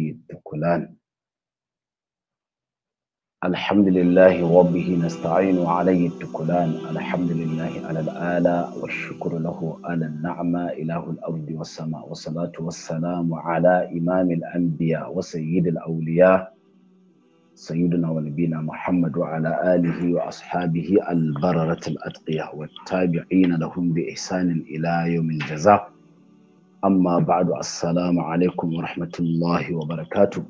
يتكلان الحمد لله وبه نستعين عليه التكلان الحمد لله على الآلاء والشكر له على النعمة إله الأرض والسماء والصلاة والسلام على إمام الأنبياء وسيد الأولياء سيدنا ونبينا محمد وعلى آله وأصحابه البررة الأتقياء والتابعين لهم بإحسان إلى يوم الجزاء amma ba'du assalamu alaikum wa rahmatullahi wa barakatu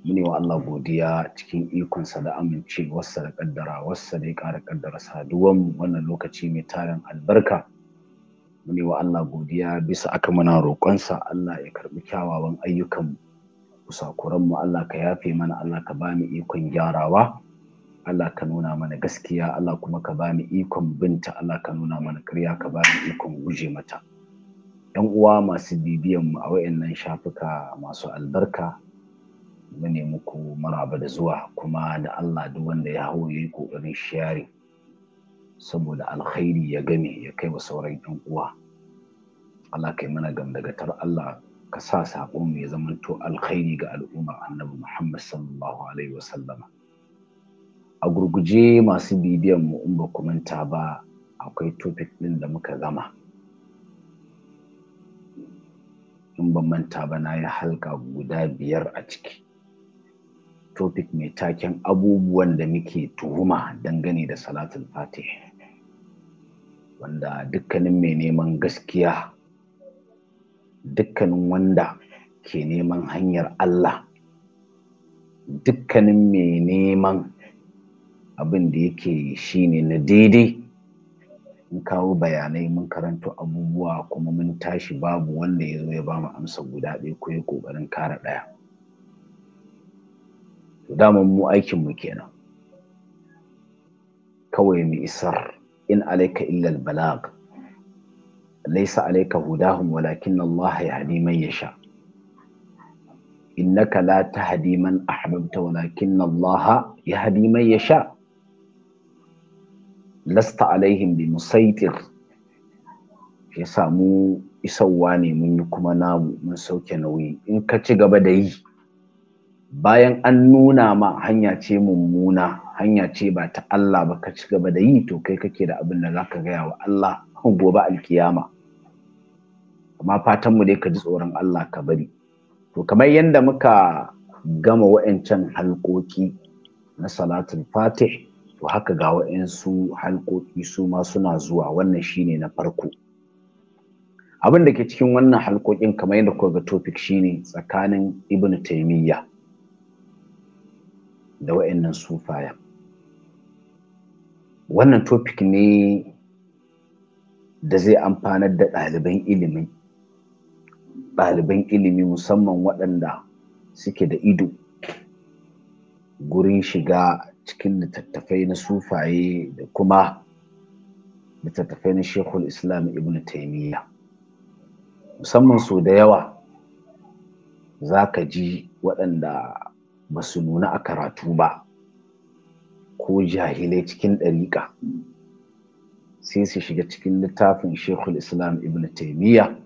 muni wa Allah godiya cikin sa da amincewarsa da kaddara wasa da ya ƙara kaddara saduwan wannan lokaci mai tarin albarka muni wa Allah godiya bisa aka muna roƙonsa Allah ya karɓi kyawawan ayyukan kusakuranmu Allah ka yafe mana Allah ka bani ikon gyarawa Allah ka nuna mana gaskiya Allah kuma ka bani ikon binta Allah ka nuna mana karya ka bani ikon guje mata 'yan uwa masu bibiyan mu a wayannan shafuka masu albarka mu ne muku maraba da zuwa kuma da Allah duk wanda ya hau yayi kokarin share saboda alkhairi ya game ya kai wa sauran 'yan uwa Allah kai mana gamdagatar Allah ka sa saƙon ya zamanto alkhairi ga al'ummar annabi Muhammad sallallahu alaihi wasallam a gurguje masu bibiyan mu in ba ku manta ba akwai topic ɗin da muka gama in ban manta ba na yi halka guda biyar a ciki topic mai taken abubuwan da muke tuhuma dangane da salatul fatih wanda dukkanin mai neman gaskiya dukkanin wanda ke neman hanyar Allah dukkanin mai neman abin da yake shine na daidai mun kawo bayanai mun karanto abubuwa kuma mun tashi babu wanda ya zo ya bamu amsa guda ɗaya ko ya ƙoƙarin kara ɗaya to daman mu aikin mu kenan kawai mu isar in alaika illa albalag laysa alaika hudahum walakin Allah yahdi man yasha innaka la tahdi man ahbabta walakin Allah yahdi man yasha lasta alaihim bi musaitir ya samu isarwa ne mun yi kuma namu mun sauke nauyi in ka ci gaba da yi bayan an nuna ma hanya ce mummuna hanya ce ba ta Allah ba ka ci gaba da yi to kai kake da abin da zaka gaya wa Allah gobe alkiyama amma fatan mu dai ka ji tsoron Allah ka bari to kamar yadda muka gama wa'ancan halkoki na salatul fatih to haka ga wa'insu halƙoƙi su ma suna zuwa wannan shine na farko abin da ke cikin wannan halkokin kamar yadda kuka ga topic shine tsakanin ibn taimiyya da wa'annan sufaya wannan topic ne da zai amfanar da ɗaliban ilimi ɗaliban ilimi musamman waɗanda suke da ido gurin shiga cikin littattafai na sufaye da kuma littattafai na shekul islam ibn taimiyya musamman su da yawa za ka ji waɗanda ba su nuna a karatu ba ko jahilai cikin ɗariƙa sai su shiga cikin littafin shekul islam ibn taimiyya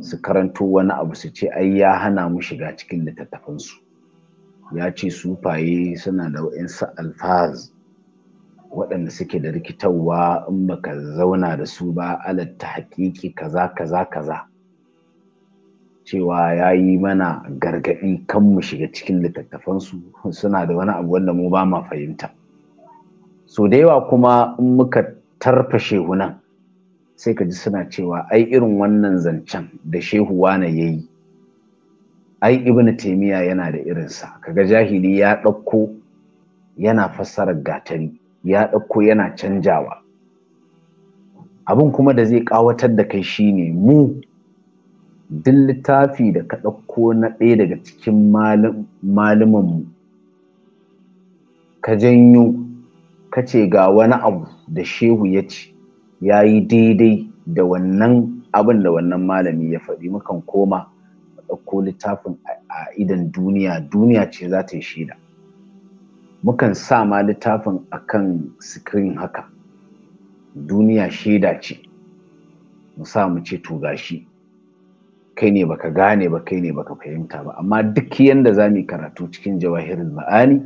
su karanto wani abu su ce ai ya hana mu shiga cikin littattafansu ya ce sufaye suna da wa'insu alfaz waɗanda suke da rikitarwa in baka zauna da su ba alatta haƙiƙi kaza kaza kaza cewa ya yi mana gargaɗi kan mu shiga cikin littattafansu suna da wani abu wanda mu ba ma fahimta so da yawa kuma in muka tarfa shehunan sai ka ji suna cewa ai irin wannan zancen da shehuwana na ya yi ai ibn taimiya yana da irinsa kaga jahili ya ɗauko yana fassarar gatari ya ɗauko yana canjawa abin kuma da zai ƙawatar da kai shine mu duk littafi da ka ɗauko na ɗaya daga cikin mu, ka janyo ka ce ga wani abu da shehu ya ce ya yi daidai da wannan abin da wannan malami ya faɗi mukan koma ɗauko littafin a idan duniya duniya ce za ta yi shaida mukan sa ma littafin a kan sikirin haka duniya shaida ce mu sa mu ce to gashi kai ne baka gane ba kai ne baka fahimta ba amma duk yanda za mu karatu cikin jawahirin ma'ani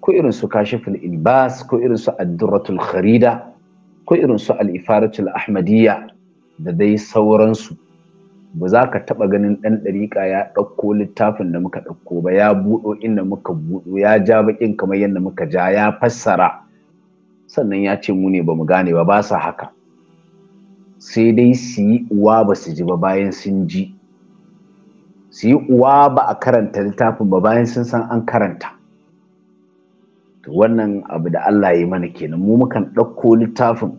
ko irin su kashiful ilbas ko irin su addurratul kharida ko irin su al-ifaratul ahmadiyya da dai sauransu ba za ka taɓa ganin ɗan ɗariƙa ya ɗauko littafin da muka ɗauko ba ya buɗo inda muka buɗo ya ja baƙin kamar yadda muka ja ya fassara sannan ya ce mu ne ba mu gane ba ba sa haka sai dai su yi uwa ba su ji ba bayan sun ji su yi uwa ba a karanta littafin ba bayan sun san an karanta to wannan abu da Allah ya mana kenan mu mukan ɗauko littafin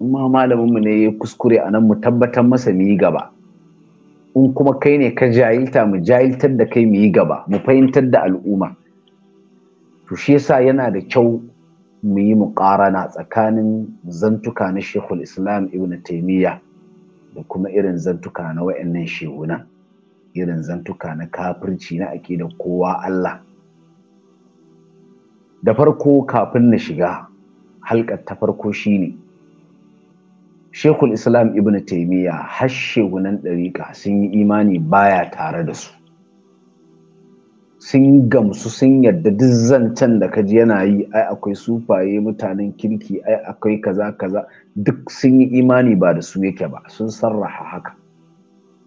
in ma malaminmu ne ya kuskure a nan mu tabbatar masa mu gaba in kuma kai ne ka jahilta mu jahiltar da kai mu yi gaba mu fahimtar da al'umma to shi yasa yana da kyau mu yi muƙarana tsakanin zantuka na shekul islam ibn taimiyya da kuma irin zantuka na wa'annan shehuna irin zantuka na kafirci na da kowa Allah da farko kafin na shiga halkar ta farko shine shekul islam ibn taimiyya har shegunan ɗariƙa sun yi imani baya tare da su sun gamsu sun yarda duk zancen da kaji yana yi ai akwai sufaye mutanen kirki ai akwai kaza kaza duk sun yi imani ba da su yake ba sun sarraha haka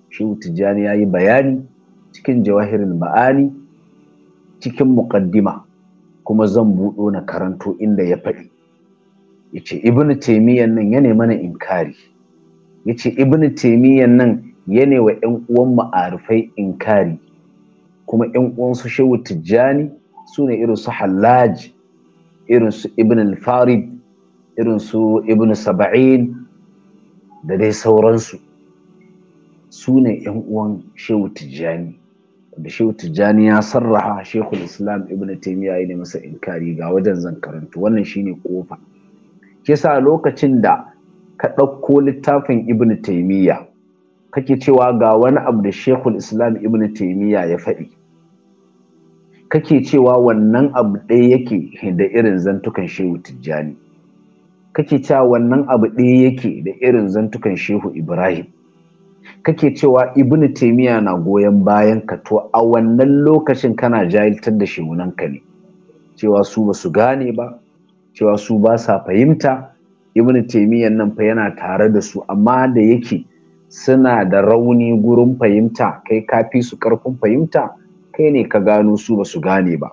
shehu tijjani ya yi bayani cikin jawahirin ma'ani cikin Muqaddima, kuma zan buɗo na karanto inda ya faɗi yace ibnu taymiyan nan yana mana inkari yace ibnu taymiyan nan yana wa ƴan uwan ma'arifai inkari kuma ƴan uwan su shehu tijjani su ne irin su hallaj irin su ibn al-farid irin su ibn saba'in da dai sauransu su ne ƴan uwan shehu tijjani da shehu tijjani ya sarraha shekul islam ibn taymiya ne masa inkari ga wajen zan karantu wannan shine kofa kisa lokacin da ka ɗauko littafin ibn taimiyya kake cewa ga wani abu da shekul islam ibn taimiyya ya faɗi kake cewa wannan abu ɗaya yake da irin zantukan shehu tijjani kake cewa wannan abu ɗaya yake da irin zantukan shehu ibrahim kake cewa ibn taimiyya na goyon bayan ka to a wannan lokacin kana jahiltar da shehunanka ne cewa su ba su gane ba cewa su ba sa fahimta ibn taimiyyar nan fa yana tare da su amma da yake suna da rauni gurin fahimta kai kafi su karfin fahimta kai ne ka gano su ba su gane ba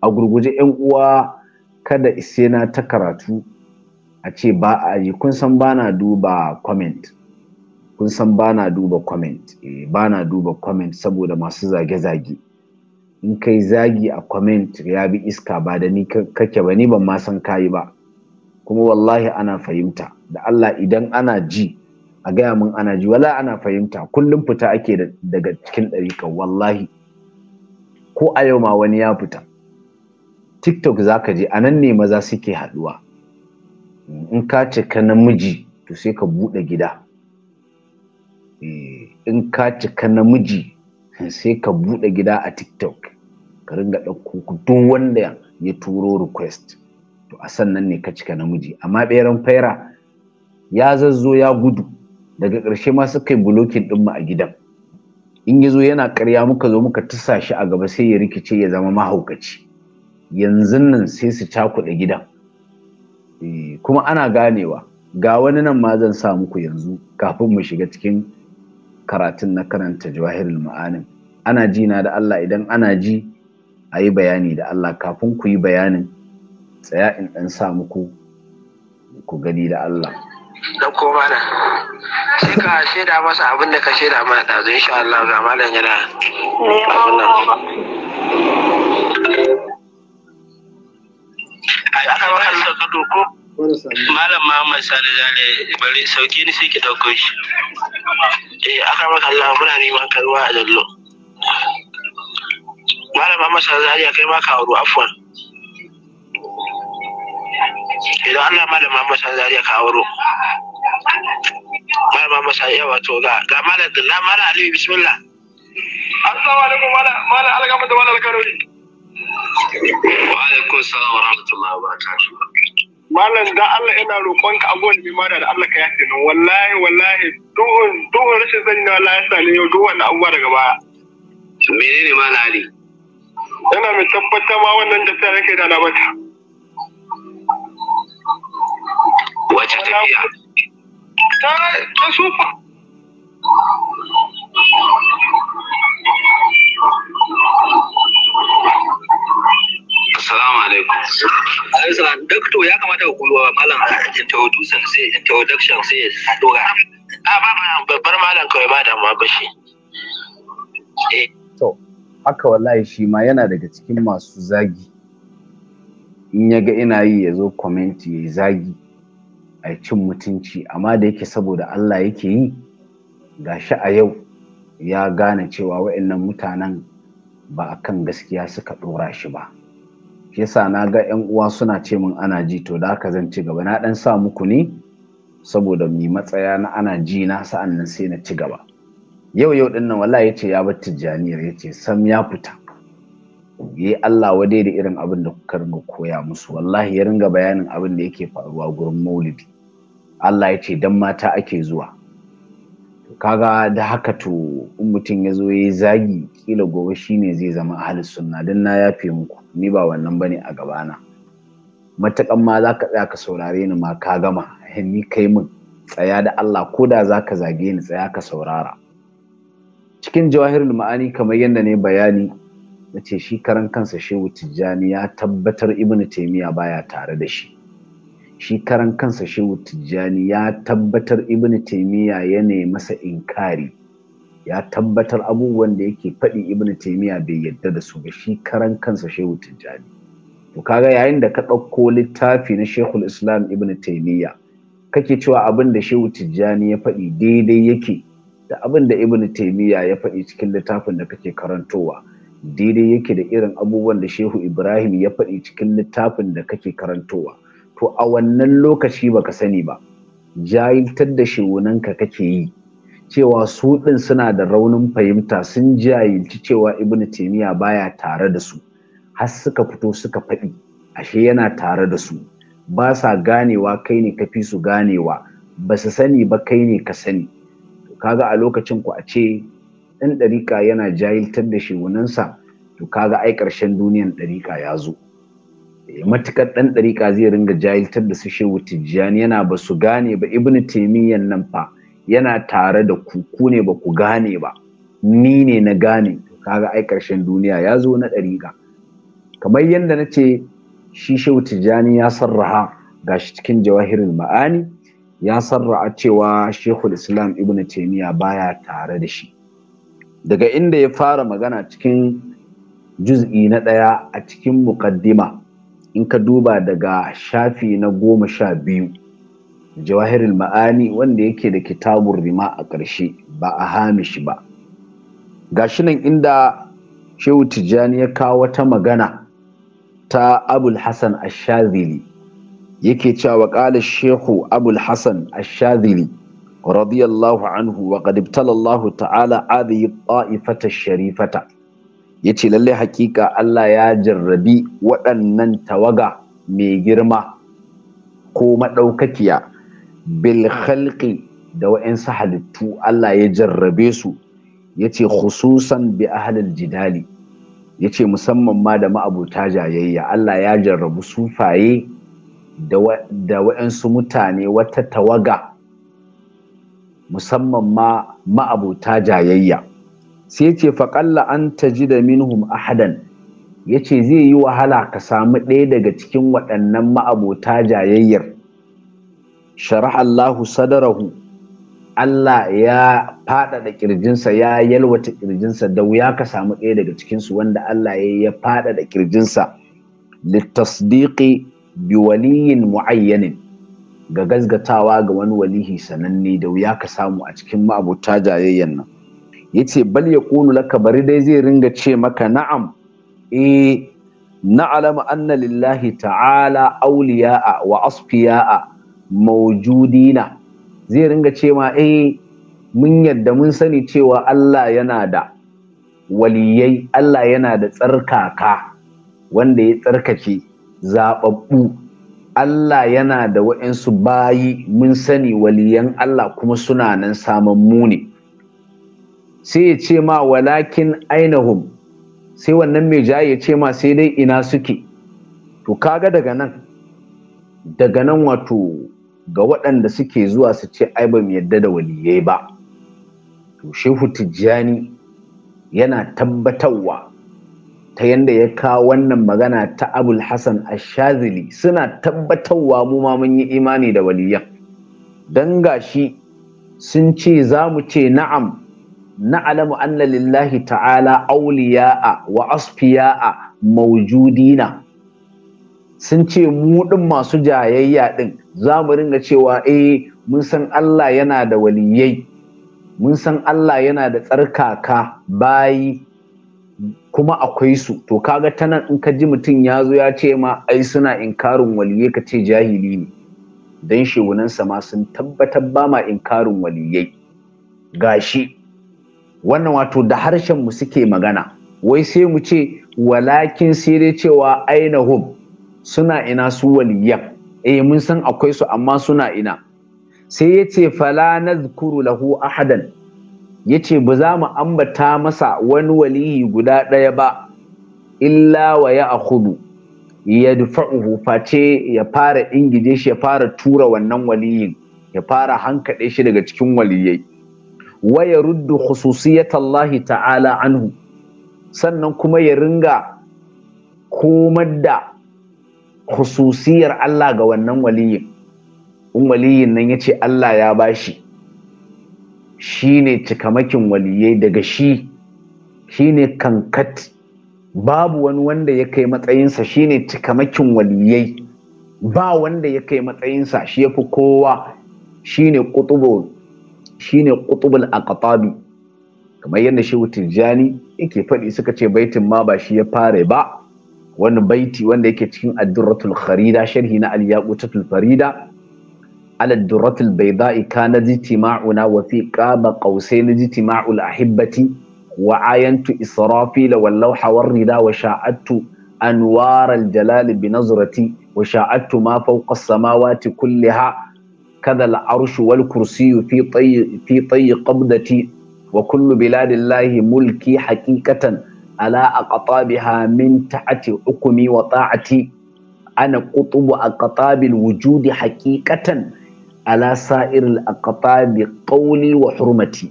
a gurguje yan uwa kada na ta karatu a ce ba a yi kun san ba na duba comment kun san ba na duba comment eh, ba na duba comment saboda masu zage-zage in kai zagi a comment ya bi iska ba da ni kake ba ni ban ma san kayi ba kuma wallahi ana fahimta da Allah idan ana ji a gaya mun ana ji wala ana fahimta kullum fita ake daga cikin ɗariƙa wallahi ko a yau ma wani ya fita tiktok za ka je a nan ne maza suke haɗuwa in ka cika namiji to sai ka buɗe gida eh, in ka cika namiji sai ka buɗe gida a tiktok ka ringa ɗauko ku duk wanda ya turo request to a sannan ne ka cika namiji amma ɓeran faira ya zazzo ya gudu daga ƙarshe ma suka yi bulokin ɗin mu a gidan in ya zo yana ƙarya muka zo muka tusa shi a gaba sai ya rikice ya zama mahaukaci yanzu nan sai su cakuɗa gidan eh, kuma ana ganewa ga wani nan ma zan sa muku yanzu kafin mu shiga cikin karatun na karanta jawahirul ma'anin ana ji na da Allah idan ana ji a yi bayani da Allah kafin ku yi bayanin tsaya in ɗan sa muku ku gani da Allah. Ɗauko mana, sai ka shaida masa abin da ka shaida mana zai insha Allah ga malam yana abin nan. Malam Muhammad Sani Zale bari sauki ni sai ki ɗauko shi. Eh, aka maka Allah muna neman karuwa a dallo. malama masa zariya kai ma ka auro afuwan idan Allah malama masa zariya ka auro malama masa yawa to ga ga malam dalla malam aliyu bismillah assalamu alaikum malam malam algama da malam alkarori wa alaikum salam wa rahmatullahi wa barakatuh malam da Allah ina roƙonka abuwan limana da Allah ka yafe nan wallahi wallahi duhun duhun rashin sani na wallahi ya sani yau duhun wannan abubuwa daga baya menene malam ali yana mai tabbata ma wannan da tare kai da na bata wace tafiya ta ta sufa Assalamu alaikum. Alaikum. Dakto ya kamata ku kulwa malam dusan ah, sai introduction sai dora. Ah, A ba babbar malam kawai ba, da ma bashi. Eh. To. haka wallahi shi ma yana daga cikin masu zagi in ya ga ina yi yazo zo kwamenti ya zagi a cin mutunci amma da yake saboda Allah yake yi gashi a yau ya gane cewa wa'annan mutanen ba a kan gaskiya suka ɗora shi ba shi yasa na ga 'yan uwa suna ce min ana ji to da haka zan ci gaba na ɗan sa muku ne saboda mai matsaya na ana ji na sa'an nan sai na ci gaba yau yau dinnan nan wallahi yace ya bar tijjaniyar yace sam ya fita yi Allah wadai da irin abin da kuka ringa koya musu wallahi ya ringa bayanin abin da yake faruwa gurin maulidi Allah yace dan mata ake zuwa kaga da haka to in mutum ya zo yayi zagi kila gobe shine zai zama halin sunna dan na yafe muku ni ba wannan bane a gabana matakan ma za ka tsaya ka saurare ni ma ka gama ni kai min tsaya da Allah ko da za zage ni tsaya ka saurara cikin jawahirul ma'ani kamar yadda ne bayani na ce shi karan kansa shehu tijjani ya tabbatar ibnu taimiya baya tare da shi shi karan kansa shehu tijjani ya tabbatar ibnu taimiya ya ne masa inkari ya tabbatar abubuwan da yake faɗi ibnu taimiya bai yadda da su ba shi karan kansa shehu tijjani to kaga yayin da ka ɗauko littafi na shehul islam ibnu taimiya kake cewa abin da shehu tijjani ya faɗi daidai yake da abin da ibn taimiyya ya faɗi cikin littafin da kake karantowa daidai yake da irin abubuwan da shehu ibrahim ya faɗi cikin littafin da kake karantowa to a wannan lokaci baka sani ba jahiltar da shehunanka kake yi cewa su ɗin suna da raunin fahimta sun jahilci cewa ibn taimiyya baya tare da su har suka fito suka faɗi ashe yana tare da su ba sa ganewa kai ne ka su ganewa ba su sani ba kai ne ka sani kaga a lokacin ku a ce ɗan ɗariƙa yana jahiltar da shegunansa to kaga ai ƙarshen duniyan ɗariƙa ya zo eh, matuƙar ɗan ɗariƙa zai ringa jahiltar da su shehu tijjani yana ba su gane ba ibn taimiyyan nan fa yana tare da ku ku ne ba ku gane ba ni ne na gane kaga ai ƙarshen duniya ya zo na ɗariƙa kamar yadda na ce shi shehu tijjani ya sarraha gashi cikin jawahirul ma'ani ya sarra'a cewa shekul islam ibn taimiya baya tare da shi daga inda ya fara magana cikin juz'i na ɗaya a cikin muƙaddima in ka duba daga shafi na goma sha biyu jawahirul ma'ani wanda yake da kitabun rima a ƙarshe ba a hamishi ba gashi nan inda shehu tijjani ya kawo wata magana ta abul hassan ashazili yake cewa qala shehu abul hasan ash radiyallahu anhu wa qad ta'ala hadhihi ta'ifata sharifata yace lalle hakika Allah ya jarrabi waɗannan tawaga mai girma ko maɗaukakiya, bil khalqi da wa'ansu halittu Allah ya jarrabe su yace khususan bi ahlil jidali yace musamman ma da ma'abuta jayayya Allah ya jarrabu sufaye da waɗansu mutane wata tawaga musamman ma ma'abuta jayayya sai ce faƙalla an ta ji da minhum ahadan ya ce zai yi wahala ka samu ɗaya daga cikin waɗannan ma'abuta jayayyar Allahu sadarahu Allah ya faɗaɗa ƙirjinsa ya yalwata ƙirjinsa da wuya ka samu ɗaya daga cikinsu wanda Allah ya ya faɗaɗa ƙirjinsa littasdiƙi bi waliyin mu'ayyanin ga gazgatawa ga wani walihi sananne da wuya ka samu a cikin ma'abuta jayayyan nan yace bal ya kulu laka bari dai zai ringa ce maka na'am eh alama anna lillahi ta'ala awliya'a wa asfiya'a mawjudina zai ringa ce ma eh mun yadda mun sani cewa Allah yana da waliyai Allah yana da tsarkaka wanda ya tsarkake zaɓaɓɓu Allah yana da wa'insu bayi mun sani waliyan Allah kuma suna nan saman ne sai ya ce ma walakin ainahum sai wannan mai ja ya ce ma sai dai ina suke to kaga daga nan daga nan wato ga waɗanda suke zuwa su ce ai yadda da waliyai ba to shehu tijjani yana tabbatarwa ta yanda ya kawo wannan magana ta abul hassan ashazili suna tabbatarwa mu ma mun yi imani da waliyan don gashi sun ce za mu ce na'am na'alamu anna lillahi ta'ala auliya'a wa asfiya'a maujudina sun ce mu ɗin masu jayayya din, za mu ringa cewa eh mun san Allah yana da waliyai mun san Allah yana da tsarkaka bayi kuma akwai su to kaga ta nan in ka ji mutum ya zo ya ce ma ai suna inkarin waliye ka ce jahili ne dan shewunansa ma sun tabbatar ba ma inkarin waliyai gashi wannan wato da harshen mu suke magana wai sai mu ce walakin sai dai cewa hum suna ina su waliyan eh mun san akwai su amma suna ina sai ya ce fala nazkuru lahu ahadan ya ce ba za mu ambata masa wani walihi guda ɗaya ba illa wa ya hudu ya dufa'uhu face ya fara ingije shi ya fara tura wannan waliyin ya fara hankaɗe shi daga cikin waliyai wa ya ruddu khususiyat Allah ta'ala anhu sannan kuma ya ringa komar da khususiyar Allah ga wannan waliyin in waliyin nan ya ce Allah ya bashi shine cikamakin waliyai daga shi shine kankat babu wani wanda ya kai matsayinsa shine cikamakin waliyai ba wanda ya kai matsayinsa shi ya fi kowa shine kutubul shine kutubul aqtabi kamar yadda shehu tijjani yake faɗi suka ce baitin ma ba shi ya fare ba wani baiti wanda yake cikin addurratul kharida sharhi na al-yaqutatul farida على الدرة البيضاء كان اجتماعنا وفي قاب قوسين اجتماع الأحبة وعاينت إسرافيل واللوح والرداء وشاعدت أنوار الجلال بنظرتي وشاعدت ما فوق السماوات كلها كذا العرش والكرسي في طي في طي قبضتي وكل بلاد الله ملكي حقيقة ألا أقطابها من تحت حكمي وطاعتي أنا قطب أقطاب الوجود حقيقة ala sa'iril aqta bi qawli wa hurmati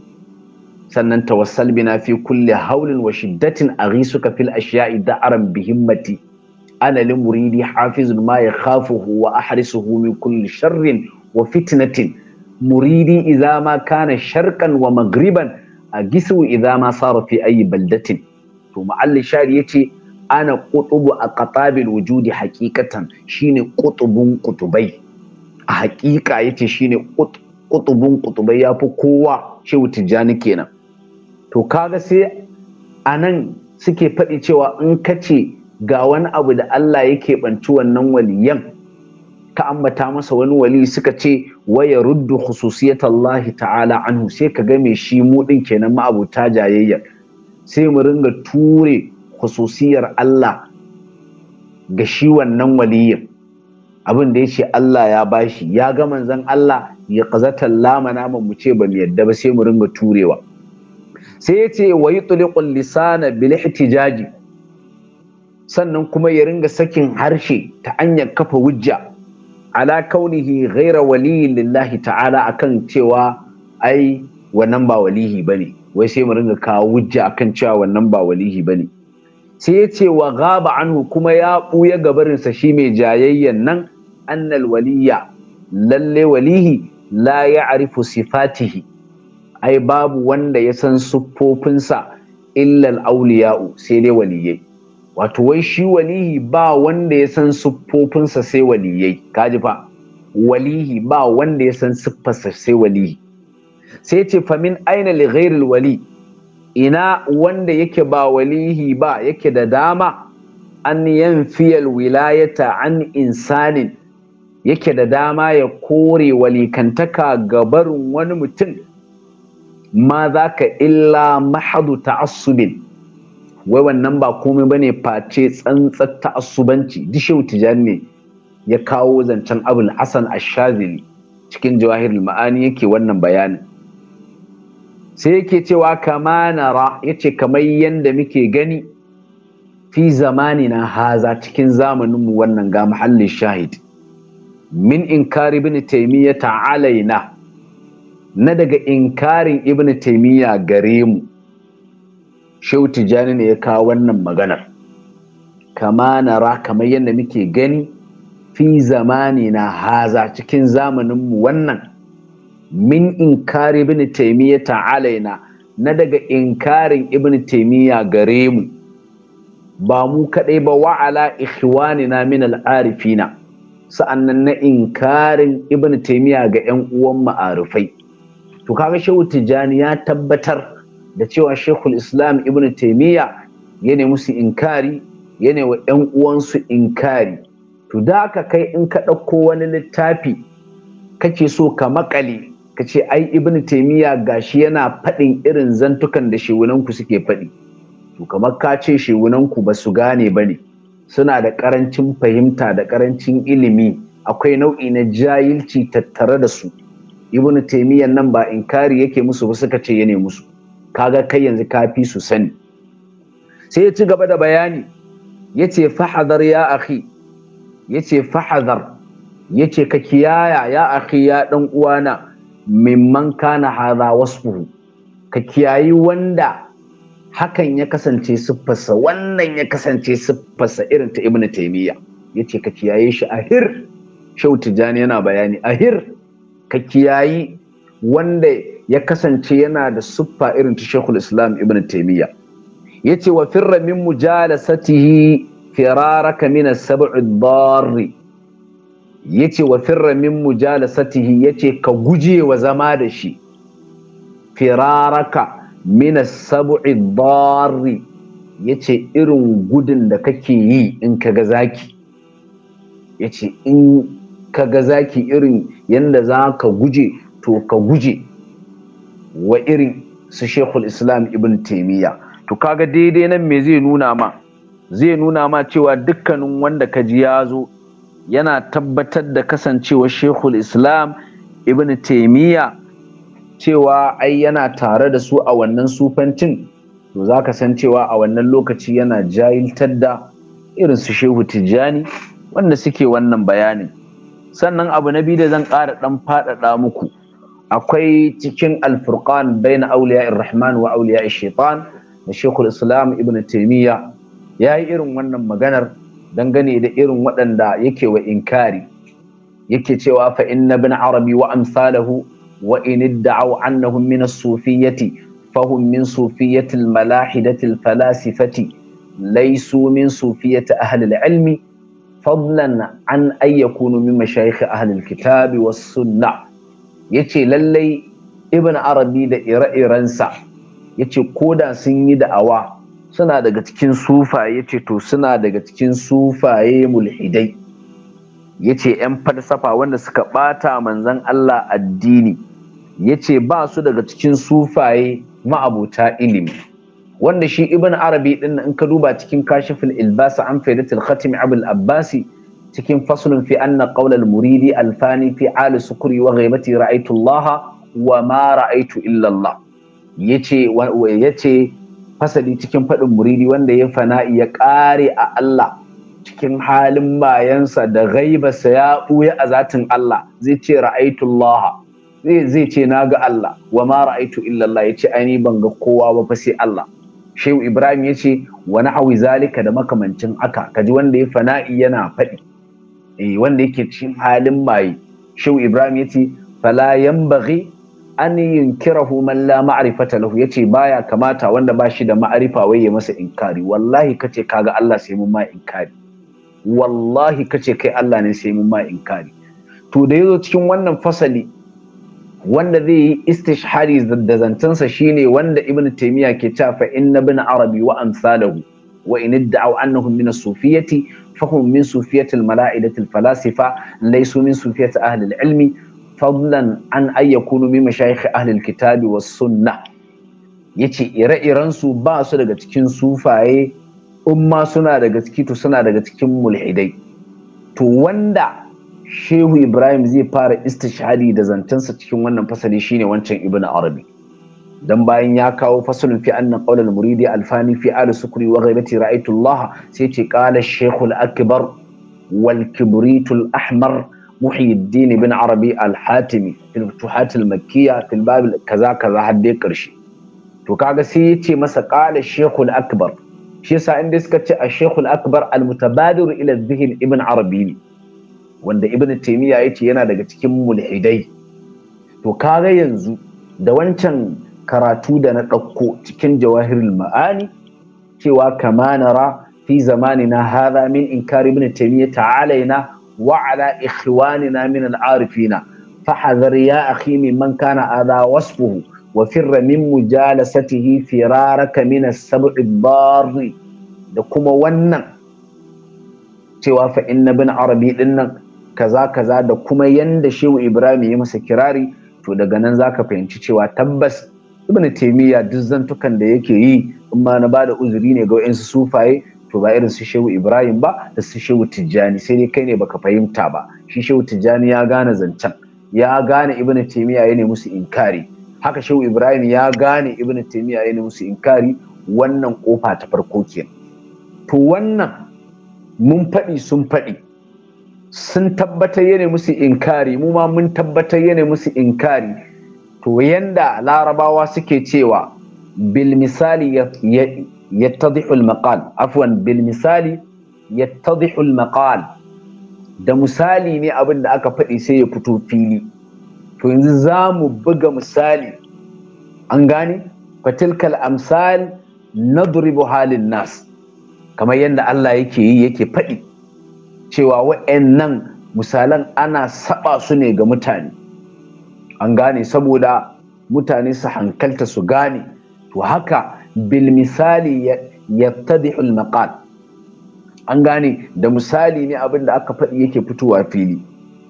sannan tawassal bina fi kulli hawlin wa shiddatin aghisuka fil ashiya'i da'aran bi himmati ana li muridi hafizun ma yakhafuhu wa ahrisuhu min kulli sharrin wa fitnatin muridi idza ma kana sharqan wa magriban agisu idza ma sara fi ayi baldatin to ma'alli shari yace ana qutubu aqtabil wujudi haqiqatan shine qutubun qutubai a haƙiƙa yace shine kutubun kutubai ya fi kowa shehu tijjani kenan to kaga sai a nan suke faɗi cewa in ka ce ga wani abu da Allah yake ɓanci wannan waliyan ka ambata masa wani wali suka ce waya ruddu khususiyat Allah ta'ala anhu sai ka ga mai shi mu din kenan ma'abuta jayayya sai mu ringa ture khususiyar Allah ga shi wannan waliyin abin da ya ce Allah ya bashi ya ga manzon Allah ya qazatal lama naman mu ce ba mu yadda ba sai mu ringa turewa sai ya ce wa yutliqul lisana bil ihtijaji sannan kuma ya ringa sakin harshe ta hanyar kafa wujja ala kaunihi ghaira waliyin lillahi ta'ala akan cewa ai wannan ba walihi bane wai sai mu ringa kawo wujja akan cewa wannan ba walihi bane sai ya ce wa gaba anhu kuma ya ɓuya gabarinsa shi mai jayayyan nan annal waliya lalle walihi la ya'rifu sifatihi ai babu wanda yasan siffofinsa illal auliya'u sai dai waliyai wato wai shi walihi ba wanda yasan siffofinsa sai waliyai kaji fa walihi ba wanda yasan san siffarsa sai walihi sai ce famin aina li ghairil wali ina wanda yake ba walihi ba yake da dama an yanfiyal wilayata an insanin yake da dama ya kore walikantaka ga barin wani mutum ma za ka illa mahadu ta'assubin wai wannan ba komai ba ne face tsantsar ta'assubanci dishewu tijani ne ya kawo zancen abul hassan ashazili cikin jawahir ma'ani yake wannan bayanin sai yake cewa kama nara ya ce kamar yadda muke gani fi zamani na haza cikin zamaninmu wannan ga mahallin shahid min inkari ibn ta ta'alaina na daga inkarin ibn taimiyya gare mu shehu tijani ne ya kawo wannan maganar kama ra kamar yadda muke gani fi zamani na haza cikin zamaninmu wannan min inkari ibn ta alaina, na daga inkarin ibn taimiyya gare mu ba mu kaɗai ba wa'ala ikhwanina min al'arifina na. sa'annan na inkarin ibn taimiya ga 'yan uwan ma'arufai to kaga shehu tijjani ya tabbatar da cewa shekul islam ibn taimiya ya nemi su inkari ya nemi 'yan uwansu inkari to da ka kai in ka ɗauko wani littafi kake so ka makale ka ce ai ibn taimiya gashi yana faɗin irin zantukan da shewunanku suke faɗi to kamar ka ce shewunanku ba su gane ba ne suna da ƙarancin fahimta da ƙarancin ilimi akwai nau'i na jahilci tattare da su ibn taimiyyan nan ba inkari yake musu ba suka ce ya musu kaga kai yanzu kafi su sani sai ya ci gaba da bayani ya ce fahadar ya akhi ya fahadar ya ka kiyaya ya akhi ya ɗan uwana mimman kana haza wasfuhu ka kiyayi wanda hakan ya kasance siffarsa wannan ya kasance siffarsa irin ta ibnu taymiya yace ka kiyaye shi ahir shau tijani yana bayani ahir ka kiyayi wanda ya kasance yana da siffa irin ta shekul islam ibn taimiyya ya ce wa firra min mujalasatihi firaraka min sab'i darri ya ce wa firra min mujalasatihi ya ka guje wa zama da shi firaraka mina sab'i darri yace irin gudun da kake yi in kaga zaki yace in kaga zaki irin yanda zaka guje to ka guje wa irin su shekul islam ibn taimiyya to kaga daidai nan me zai nuna ma zai nuna ma cewa dukkanin wanda ka ji ya zo yana tabbatar da kasancewa shekul islam ibn taimiyya cewa ai yana tare da su a wannan sufancin to za ka san cewa a wannan lokaci yana jahiltar da irin su shehu tijjani wanda suke wannan bayanin sannan abu na biyu da zan ƙara ɗan faɗaɗa muku akwai cikin alfurqan baina auliya rahman wa auliya shaitan da shekul islam ibn taimiyya ya yi irin wannan maganar dangane da irin waɗanda yake wa inkari yake cewa fa inna bin arabi wa amsalahu wa in da'aw annahum min as-sufiyyati fahum min sufiyyati al-malahidati falasifati laysu min sufiyyati ahli al-ilmi fadlan an ay yakunu min mashayikh ahli al-kitab was-sunnah yace lallai "Ibin arabi da ire-irensa yace "ko da sun yi da'awa suna daga cikin sufaye ce to suna daga cikin sufaye mulhidai yace 'yan falsafa wanda suka ɓata manzon Allah addini yace ba su daga cikin sufaye ma'abuta ilimi wanda shi ibn arabi din in ka duba cikin kashifin Ilbasa an faidatul khatim abul abbasi cikin faslun fi anna qawl al muridi al fani fi al sukri wa ghaibati ra'aytu Allah wa ma ra'aytu illa Allah yace yace fasali cikin fadin muridi wanda ya fana'i ya kare a Allah cikin halin bayansa da ghaibarsa ya buya a zatin Allah zai ce ra'aitullaha Allah zai ce na ga Allah wa ma ra'aitu illa Allah yace ai ban ga kowa ba fa sai Allah Shehu Ibrahim yace wa na'awi zalika da makamancin aka kaji wanda ya fana'i yana faɗi eh wanda yake cikin halin maye Shehu Ibrahim yace fala yanbaghi an yunkirahu man la ma'rifata lahu yace baya kamata wanda ba shi da ma'arifa wai ya masa inkari wallahi kace ga Allah sai mun ma inkari wallahi kace kai Allah ne sai mun ma inkari to da yazo cikin wannan fasali wanda zai yi istishhari da zantansa shine wanda ibn taymiya ke cewa fa inna bin arabi wa amsalahu wa in da'aw annahum min as-sufiyati fahum min sufiyati al-mala'idati al-falasifa laysu min sufiyati ahli al-ilmi fadlan an ay yakunu min mashayikh ahli al-kitabi was-sunnah yace ire-iren su ba su daga cikin sufaye umma suna daga ciki to suna daga cikin mulhidai to wanda shehu ibrahim zai fara istishhadi da zancensa cikin wannan fasali shine wancan ibn arabi dan bayan ya kawo fasalin fi annan qaulal muridi alfani fi al sukri wa ghaibati ra'aytu allah sai ce qala shaykh al akbar wal kibrit al ahmar muhyiddin ibn arabi al hatimi fil futuhat al makkiyya fil bab kaza kaza har dai karshe to kaga sai yace masa qala shaykh al akbar shi yasa inda suka ce a shaykh al akbar al mutabadiru ila dhihn ibn arabi ne wanda ibn taimiyya ya ce yana daga cikin mulhidai to kaga yanzu da wancan karatu da na ɗauko cikin jawahirul ma'ani cewa kama nara fi zamanina hadha min inkar ibn taimiyya ta'alaina wa ala ikhwanina min al'arifina fahadhar ya akhi mimman kana adha wasfuhu wa firra min mujalasatihi firaraka min as-sab'i da kuma wannan cewa fa inna bin arabi din nan kaza kaza da kuma yanda shehu ibrahim ya masa kirari to daga nan zaka fahimci cewa tabbas ibn taimiyya duk zantukan da yake yi in ma na bada uzuri ne ga wa'insu sufaye to ba irin su shehu ibrahim ba da su shehu tijjani sai dai kai ne baka fahimta ba shi shehu tijjani ya gane zancen ya gane ibn taimiyya ya musu inkari haka shehu ibrahim ya gane ibn taimiyya ya musu inkari wannan kofa ta farko kenan to wannan mun faɗi sun faɗi sun tabbatar yani musu inkari mu ma mun tabbatar yani musu inkari to yanda larabawa suke cewa bil misali yattadihu al maqal afwan bil misali al maqal da misali ne abin da aka faɗi sai ya fito fili to yanzu za mu buga misali an gane fatilkal amsal nadribu halin nas kamar yadda Allah yake yi yake faɗi cewa nan misalan ana saba su ne ga mutane an gane saboda mutane su hankalta su gane to haka bil misali yattadihul maqal an gane da misali ne abin da aka faɗi yake fitowa fili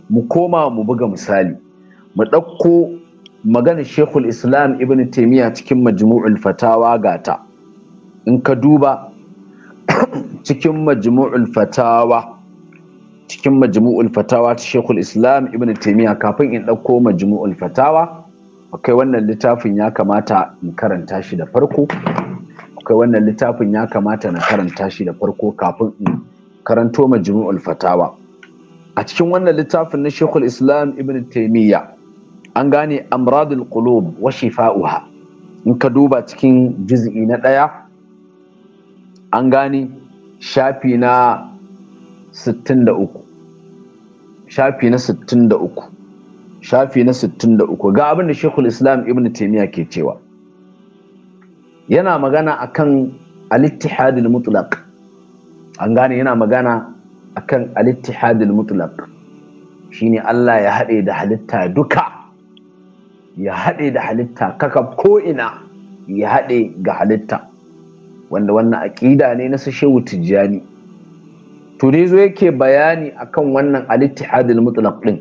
mu koma mu buga misali mu ɗauko maganar shekul islam ibn taimiyya cikin majmu'ul fatawa gata in ka duba cikin majmu'ul fatawa cikin majmu'ul fatawa ta shekul islam ibn taimiyya kafin in ɗauko majmu'ul fatawa akwai wannan littafin ya kamata in karanta shi da farko akwai wannan littafin ya kamata na karanta shi da farko kafin in karanto majmu'ul fatawa a cikin wannan littafin na shekul islam ibn taimiyya an gane amradul qulub wa shifa'uha in ka duba cikin juz'i na ɗaya an gane shafi na 63 shafi na 63 shafi na 63 ga abin da Sheikhul Islam Ibn Taimiya ke cewa yana magana akan al-ittihadul mutlaq an gane yana magana akan al-ittihadul mutlaq shine Allah ya haɗe da halitta duka ya haɗe da halitta kaka ko ina ya haɗe ga halitta wanda wannan aƙida ne na su shehu tijjani turi zo yake bayani akan wannan al-ittihadul mutlaq din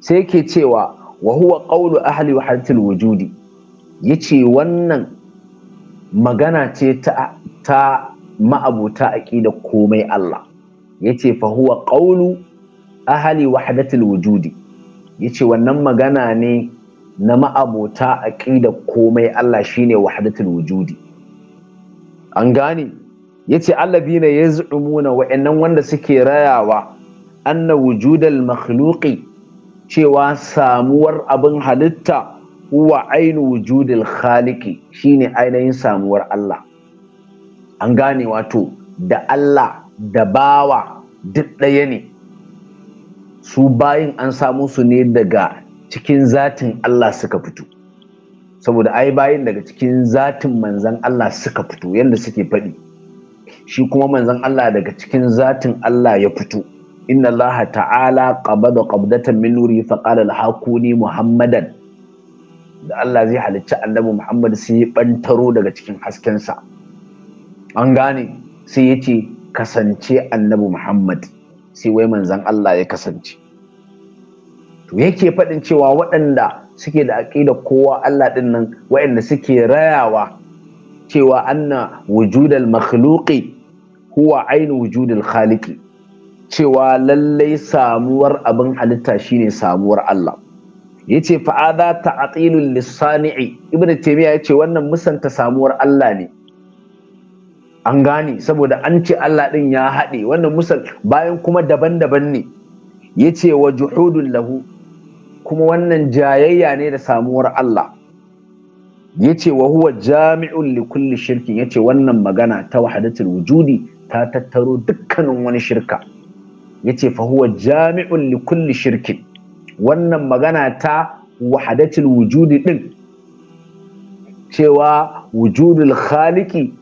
sai yake cewa wa huwa qawlu ahli wahdatil wujudi yace wannan magana ce ta ta ma'abuta aqida komai Allah yace fa huwa qawlu ahli wahdatil wujudi yace wannan magana ne na ma'abota aqida komai Allah shine wahdatul wujudi an gane yace allazina yaz'umuna wa'annan wanda suke rayawa anna wujudal makhluqi cewa samuwar abin halitta huwa ainu wujudil khaliqi shine ainihin samuwar Allah an gane wato da Allah da bawa duk ɗaya ne su bayin an samu su ne daga cikin zatin Allah suka fito saboda ai bayin daga cikin zatin manzan Allah suka fito yadda suke faɗi shi kuma manzon Allah daga cikin zatin Allah ya fito inna Allah ta'ala qabada qabdatan min nuri fa qala al-hakuni muhammadan da Allah zai halicci annabi Muhammad sai ya bantaro daga cikin haskensa an gane sai yace kasance annabi Muhammad sai wai manzon Allah ya kasance to yake faɗin cewa waɗanda suke da aƙida kowa Allah ɗin nan waɗanda suke rayawa cewa anna wujudal makhluqi huwa ainu wujudal khaliqi cewa lallai samuwar abin halitta shine samuwar Allah yace fa'ada ta'atilul lisani'i ibnu taymiya yace wannan musanta samuwar Allah ne an gane saboda an ce Allah din ya haɗe wannan musal bayan kuma daban-daban ne yace wa juhudun lahu kuma wannan jayayya ne da samuwar Allah yace wa huwa jami'un li kulli shirkin yace wannan magana ta wahdatul wujudi ta tattaro dukkanin wani shirka yace fa huwa jami'un li kulli shirkin wannan magana ta wahadatul wujudi din cewa wujudul khaliqi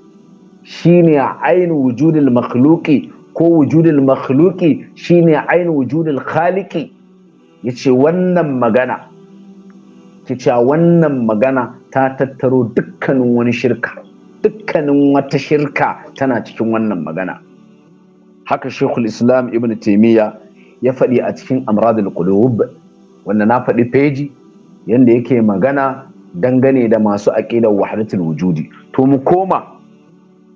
shine ainu wujudul makhluqi ko wujudul makhluqi shine ainu wujudul ya yace wannan magana ki cewa wannan magana ta tattaro dukkanin wani shirka dukkanin wata shirka tana cikin wannan magana haka shekul islam ibn taimiyya ya faɗi a cikin amradul qulub wanda na faɗi feji yanda yake magana dangane da masu aƙidar wahadatul wujudi to mu koma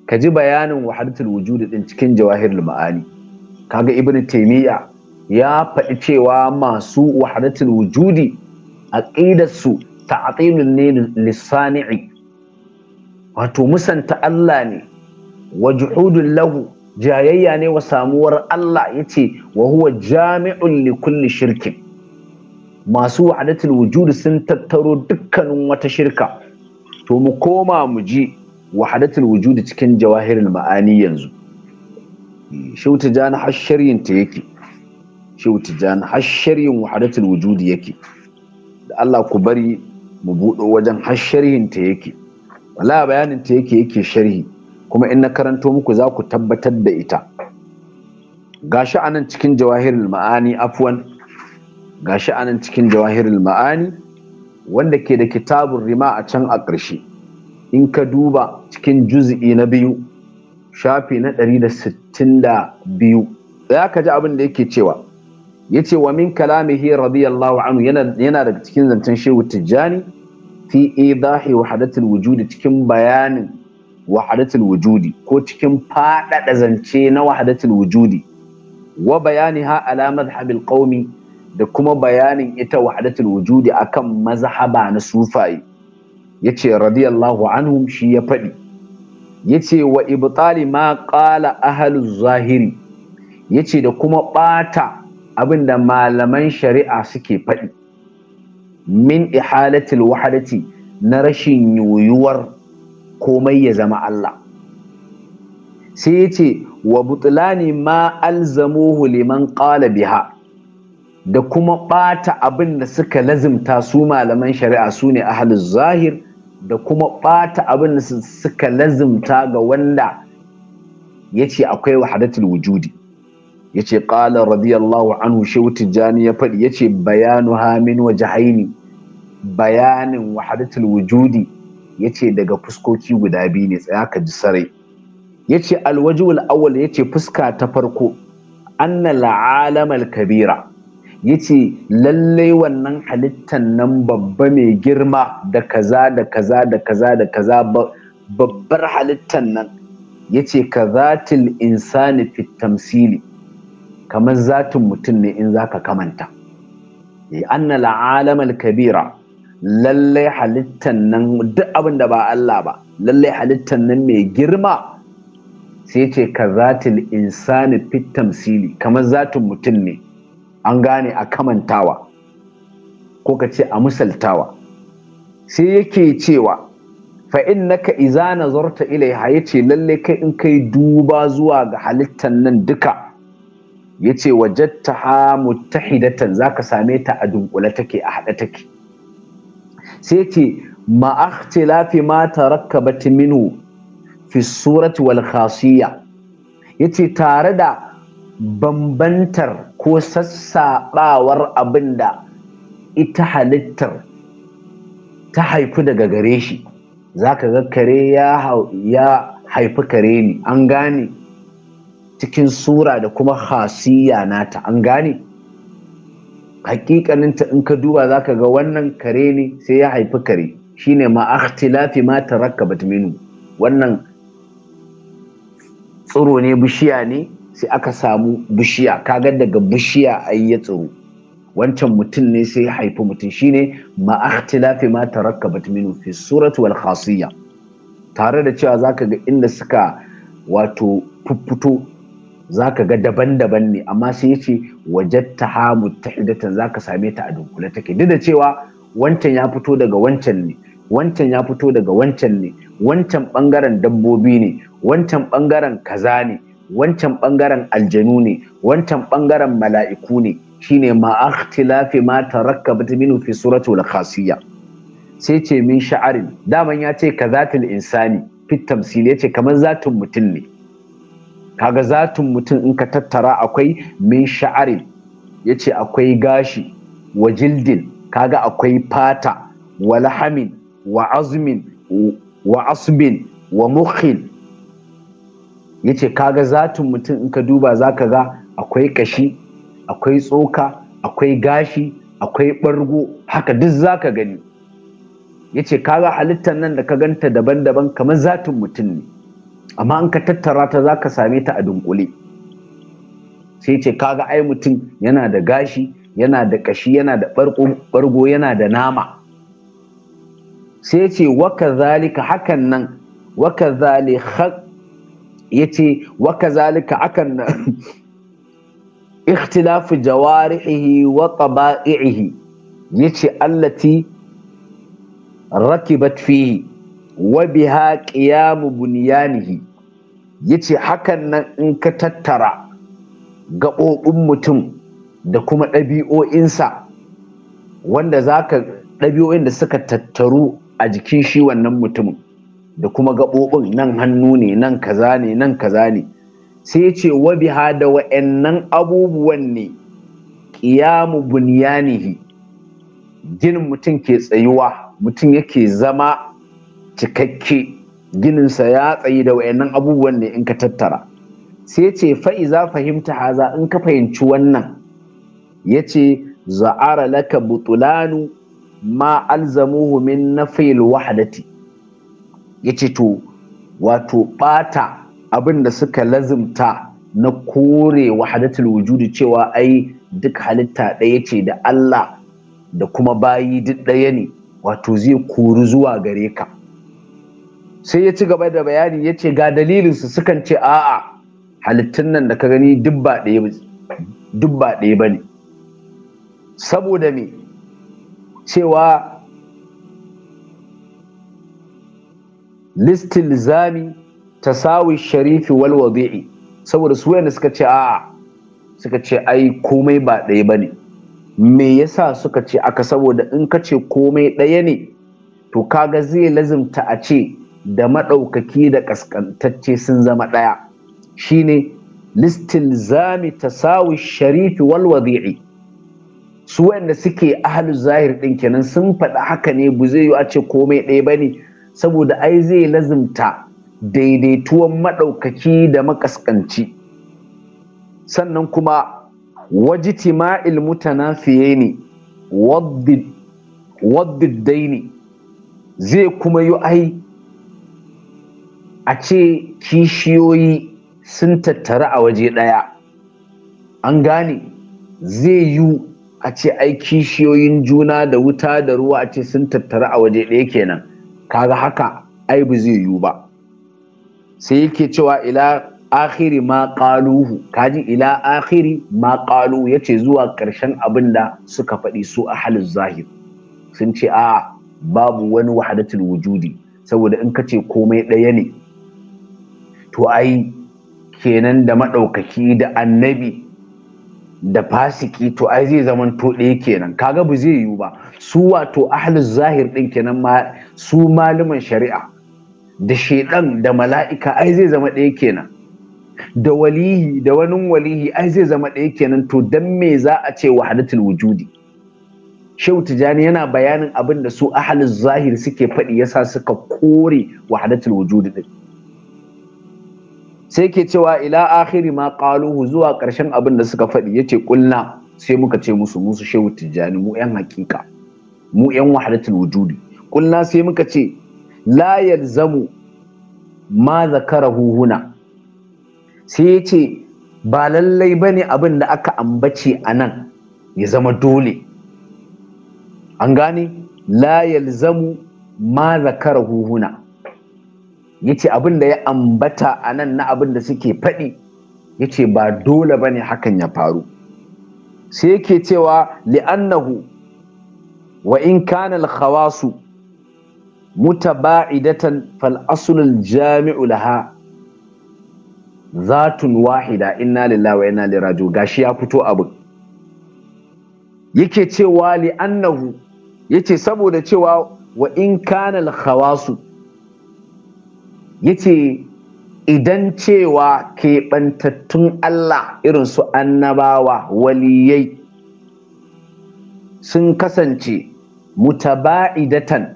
ka ji bayanin wahadatul wujudi ɗin cikin jawahirul ma'ani kaga ibn taimiyya ya faɗi cewa masu wahadatul wujudi aqidarsu ta'atilun ne lissani'i wato musanta Allah ne wa juhudun lahu jayayya ne wa samuwar Allah yace wa huwa jami'un li kulli shirkin masu wahadatul wujud sun tattaro dukkanin wata shirka to mu koma mu ji wahadatul wujud cikin jawahirul ma'ani yanzu Shauta jana har ta yake shautu jana har sharyin wahadatul wujud yake da Allah ku bari mu buɗo wajen har sharhin ta yake wala bayanin ta yake yake sharhi kuma in na karanto muku za ku tabbatar da ita gashi anan cikin jawahirul ma'ani afwan gashi anan cikin jawahirul ma'ani wanda ke da kitabun rima a can a ƙarshe in ka duba cikin juz'i na biyu shafi na 162 za ka ji abin da yake cewa yace wa min kalamihi radiyallahu anhu yana da daga cikin zancen shehu tijjani fi idahi wahadatul wujudi cikin bayanin wahadatul wujudi ko cikin faɗaɗa zance na wahadatul wujudi wa bayani ha ala madhhabil qaumi da kuma bayanin ita wahadatul wujudi akan mazhaba na sufaye yace radiyallahu anhum shi ya faɗi yace wa ibtali ma qala ahluz zahiri yace da kuma ɓata abin da malaman shari'a suke faɗi min ihalatil wahadati na rashin yoyuwar komai ya zama Allah sai ya ce wa butlani ma alzamuhu liman qala biha da kuma ɓata abin da suka lazimta su malaman shari'a su ne zahir da kuma ɓata abin da suka lazimta ga wanda ya ce akwai wahadatul wujudi yace qala radiyallahu anhu shehu tijjani ya faɗi yace bayanu hamin haini. bayanin wahadatul wujudi yace daga fuskoki guda biyu ne tsaya ka ji sarai yace alwajhul awwal yace fuska ta farko anna la'alamal kabira yace lallai wannan halittan nan babba mai girma da kaza da kaza da kaza da kaza babbar halittan nan yace kazatil insani fit tamsili kamar zatin mutum ne in zaka kamanta e, anna la'alamal kabira lallai halittan nan duk abin da ba Allah ba lallai halittan nan mai girma sai ce ka zatil insani fitan tamsili kamar zatin mutum ne an gane a kamantawa ko ka ce a misaltawa sai yake cewa fa'in naka iza nazarta ilaiha ya ce lallai kai in kai duba zuwa ga halittan nan duka yace wajadtaha muttahidatan zaka same ta a dunkule take a hada take sai ce ma akhtilafi ma tarakkabat minu fi surati wal khasiyya yace tare da bambantar ko sassaɓawar abin da ita halittar ta haifi daga gare shi za ka ga kare ya haifi kare ni, an gane cikin sura da kuma hasiya nata an gane hakikaninta in ka duba za ka ga wannan kare ne sai ya haifi kare Shi ne ma akhtilafi ma ta rakka batminu. wannan tsiro ne bishiya ne sai aka samu bishiya kaga daga bishiya ai ya tsiro wancan mutum ne sai ya haifi mutum Shi ne ma akhtilafi ma rakka minu fi suratu wal khasiyya tare da cewa za ka ga inda suka wato fuffuto za ka ga daban-daban ne amma sai ya ce wajen ta hamu muttahidatan za ka same ta a dunkule take duk da cewa wancan ya fito daga wancan ne wancan ya fito daga wancan ne wancan bangaren dabbobi ne wancan bangaren kaza ne wancan bangaren aljanu ne wancan bangaren mala'iku ne shine ma akhtilafi ma tarakkabat minhu fi da khasiyya sai ce min sha'arin daman ya ce ka zatul insani fit tamsili ya ce kamar zatin mutum ne kaga zatin mutum in ka tattara akwai min sha'arin ya ce akwai gashi wa jildin kaga akwai fata wa lahamin wa azumin, wa asbin wa mukhin ya ce kaga zatin mutum in ka duba za ka ga akwai kashi akwai tsoka akwai gashi akwai ɓargo haka duk za ka gani ya ce kaga halittar nan da ka ganta daban-daban kamar zatin mutum ne amma an ka tattara ta za ka same ta a dunkule sai ce kaga ai mutum yana da gashi yana da kashi yana da bargo yana da nama sai ce waka zalika hakan nan waka zalika ya ce waka zalika akan nan اختلاف جوارحه وطبائعه يتي التي ركبت فيه وبها قيام بنيانه yace hakan nan in ka tattara gaɓoɓin mutum da kuma ɗabi'o'insa wanda za ka ɗabi'o'in da suka tattaru a jikin shi wannan mutumin da kuma gaɓoɓin nan hannu ne nan kaza ne nan kaza ne sai ya ce wa biha da wa'annan abubuwan ne ƙiyamu bunyanihi ginin mutum ke tsayuwa mutum yake zama cikakke gininsa ya tsayi da wayannan abubuwan ne in ka tattara sai ce fa'iza fahimta haza in ka fahimci wannan ya ce za'ara laka butulanu ma alzamuhu min nafil wahdati ya ce to wato ɓata abin da suka lazimta na kore wahadatul wujudi cewa ai duk halitta ɗaya ce da Allah da kuma bayi duk ɗaya ne wato zai kori zuwa gare ka sai ya ci gaba da bayani ya ce ga dalilinsu sukan ce a'a halittun nan da ka gani dubba ɗaya ba ne saboda me cewa listin zami ta sawi sharifi wal wadi'i saboda su wanda suka ce a'a suka ce ai komai ba ɗaya ba ne me yasa suka ce aka saboda in ka ce komai ɗaya ne to kaga zai lazimta a ce da maɗaukaki da ƙasƙantacce sun zama ɗaya shine listilzami tasawi sharifi wal wadi'i su wanda suke ahalu zahir ɗin kenan sun faɗa haka ne bu zai yi a ce komai ɗaya bane saboda ai zai lazimta daidaituwan maɗaukaki da makaskanci sannan kuma mutana fiye ne waddid daini zai kuma yi ai a ce kishiyoyi sun tattari a waje ɗaya an gane zai yi a ce ai kishiyoyin juna da wuta da ruwa a ce sun tattari a waje ɗaya kenan kaga haka ai ba zai yiwu ba sai yake cewa ila akhiri ma qaluhu kaji ila akhiri ma qalu yace zuwa ƙarshen abin da suka faɗi su a halin zahir sun ce a babu wani wahadatul wujudi saboda in ka ce komai ɗaya ne to ai kenan da maɗaukaki da annabi da fasiki to ai zai zaman to ɗaya kenan kaga ba zai yiwu ba su wato ahlus zahir ɗin kenan ma su malaman shari'a da shaidan da mala'ika ai zai zama ɗaya kenan da walihi da wani walihi ai zai zama ɗaya kenan to dan me za a ce wahadatul wujudi shehu tijani yana bayanin abin da su ahlus zahir suke faɗi yasa suka kore wahadatul wujudi din sai ke cewa ila akhiri ma qaluhu zuwa karshen abin da suka faɗi yace kulna sai muka ce musu musu shehu tijjani mu yan hakika mu yan wahdatul wujudi kulna sai muka ce la yalzamu ma zakarahu huna sai yace ba lallai bane abin da aka ambace a nan ya zama dole an gane la yalzamu ma zakarahu huna yace abin da ya ambata a nan na abin da suke faɗi yace ba dole ba ne hakan ya faru sai yake cewa li'annahu wa in kana al-khawasu mutaba'idatan fal aslul jami'u laha zatun wahida inna lillahi wa inna ilaihi raji'un gashi ya fito abin yake cewa li'annahu yace saboda cewa wa in kana al-khawasu yace idan cewa keɓantattun Allah irin su annabawa waliyai sun kasance mutaba'idatan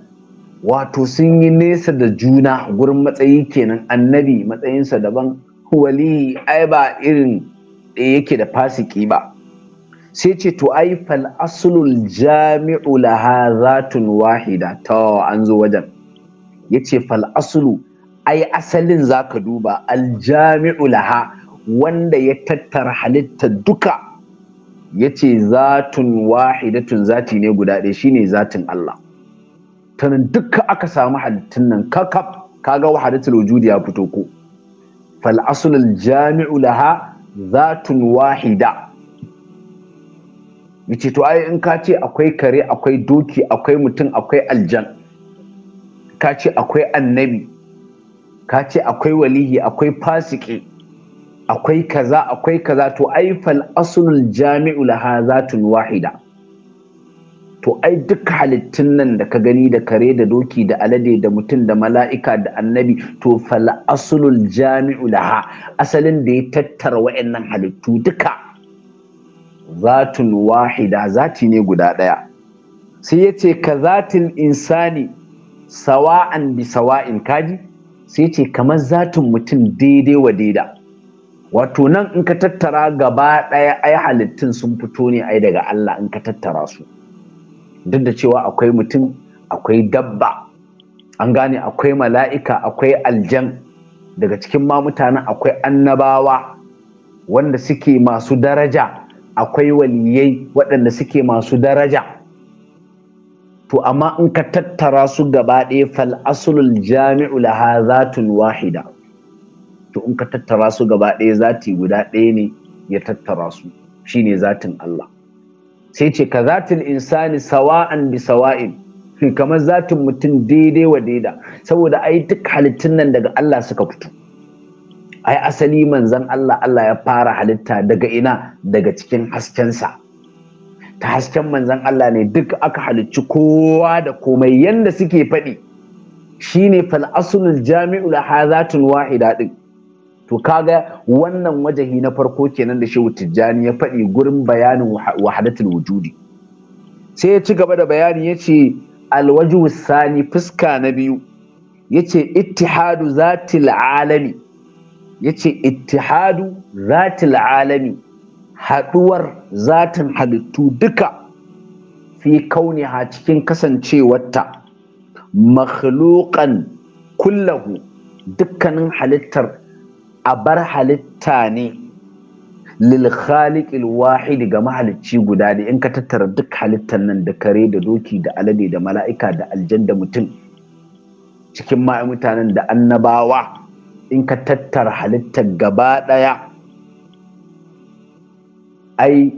wato sun yi nesa da juna gurin matsayi kenan annabi matsayinsa daban wali ai ba irin da yake da fasiki ba sai ce to ai fal aslul jami'u laha zatun wahida ta an zo wajen yace fal aslu ai asalin za ka duba aljami'u laha wanda ya tattara halitta duka ya ce zatun wahidatun zati ne guda ɗaya shine zatin Allah tanan duka aka samu halittun nan kakaf kaga wahadatul wujudi ya fito ko fal asl al jami'u laha zatun wahida yace to ai in ka ce akwai kare akwai doki akwai mutum akwai aljan ka ce akwai annabi ka ce akwai walihi akwai fasiki akwai kaza akwai kaza to ai fal aslul jami'u laha zatun wahida to ai duk halittun nan da ka gani da kare da doki da alade da mutum da mala'ika da annabi to fal aslul jami'u laha asalin da ya tattara wa'annan halittu duka zatun wahida zati ne guda ɗaya sai ya ce ka zatin insani sawa'an bi sawa'in kaji sai ce kamar zatin mutum daidai wa daida wato nan in ka tattara gaba ɗaya ai halittun sun fito ne ai daga Allah in ka tattara su duk da cewa akwai mutum akwai dabba an gane akwai mala'ika akwai aljan daga cikin ma mutanen akwai annabawa wanda suke masu daraja akwai waliyai waɗanda suke masu daraja to amma in ka tattara su gaba ɗaya fal asulul jami'u laha zatul wahida to in ka tattara su gaba ɗaya zati guda ɗaya ne ya tattara su shine zatin Allah sai ce ka zatin insani sawa'an bi sawa'in kamar zatin mutum daidai wa daida saboda ai duk halittun nan daga Allah suka fito ai asali manzon Allah Allah ya fara halitta daga ina daga cikin haskensa ta hasken manzan Allah ne duk aka halicci kowa da komai yanda suke faɗi shine ne aslul jami'u hazatun wahida ɗin to kaga wannan wajahi na farko kenan da Shehu Tijjani ya faɗi gurin bayanin wahadatul wujudi sai ya ci gaba da bayani ce alwaju sani fuska na biyu Ya yace ittihadu zatil alami yace ittihadu zatil alami haɗuwar zatin halittu duka fi ha cikin kasancewarta makhluqan kullahu dukkanin halittar a bar halitta ne lil khaliqil wahid ga mahalicci guda ne in ka tattara duk halittar nan da kare da doki da alade da mala'ika da aljan da mutum cikin ma'a mutanen da annabawa in ka tattara halittar gaba ɗaya ai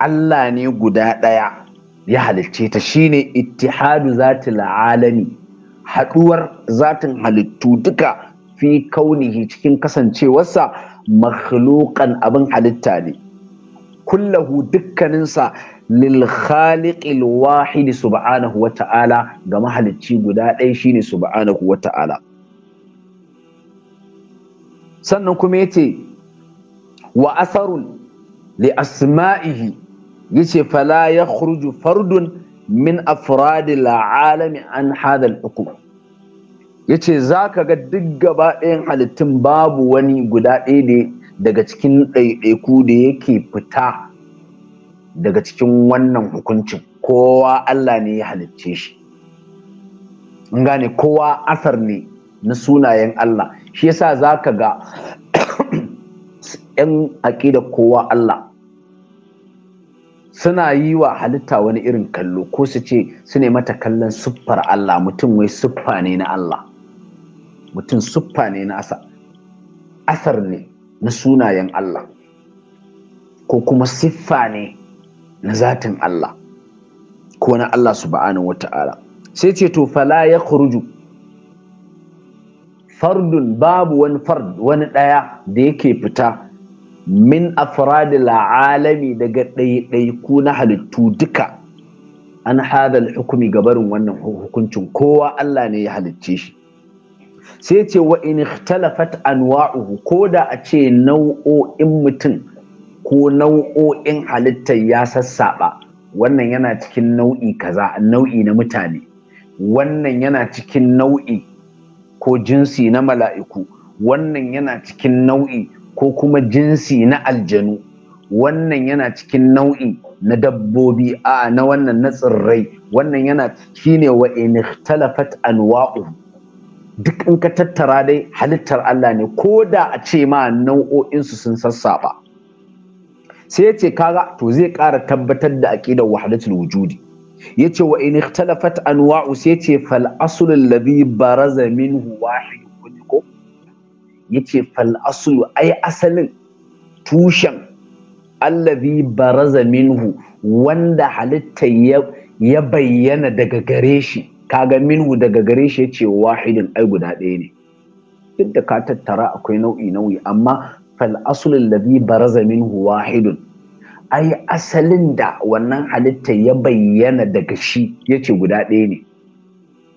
Allah ne guda ɗaya ya halicce ta shine ittihadu zatil alami haɗuwar zatin halittu duka fi kaunihi cikin kasancewarsa makhluqan abin halitta ne kullahu dukkaninsa lil khaliqil wahid subhanahu wa ta'ala ga mahalicci guda ɗaya shine subhanahu wa ta'ala sannan kuma yace wa asarun li asma'ihi yace fala yakhruju fardun min afradil alami an hadal hukum yace zaka ga duk gaba ɗayan halittun babu wani guda ɗaya daga cikin ɗaiɗaiku da yake fita daga cikin wannan hukuncin kowa Allah ne ya halicce shi in gane kowa asar ne na sunayen Allah shi yasa zaka ga 'yan aƙidar kowa Allah suna yi wa halitta wani irin kallo ko su ce su ne mata kallon siffar Allah mutum wai siffa ne na Allah mutum siffa ne na asa asar ne na sunayen Allah ko kuma siffa ne na zatin Allah ko na Allah subhanahu Wata'ala. sai ce to fala ya khuruju fardun babu wani fard wani ɗaya da yake fita min afradil alami daga ɗaiɗaiku na halittu duka an hadal hukumi ga barin wannan hukuncin kowa Allah ne ya halicce shi sai ce wa in ikhtalafat anwa'uhu ko da a ce nau'o'in mutum ko nau'o'in halittar ya sassaba wannan yana cikin nau'i kaza nau'i na mutane wannan yana cikin nau'i ko jinsi na mala'iku wannan yana cikin nau'i ko kuma jinsi na aljanu wannan yana cikin nau'i na dabbobi a na wannan na tsirrai wannan yana shine wa in ikhtalafat anwa'u duk in ka tattara dai halittar Allah ne ko da a ce ma nau'o'in su sun sassaba sai ya kaga to zai ƙara tabbatar da aqidar wahdatul wujudi yace wa in ikhtalafat anwa'u sai ce fal aslu ladhi baraza minhu wahid yace fal aslu ai asalin tushen allazi baraza minhu wanda halitta ya bayyana daga gare shi kaga minhu daga gare shi yace wahidin ai guda ɗaya ne duk da ka tattara akwai nau'i nau'i amma fal aslu allazi baraza minhu wahidun ai asalin da wannan halitta ya bayyana daga shi yace guda ɗaya ne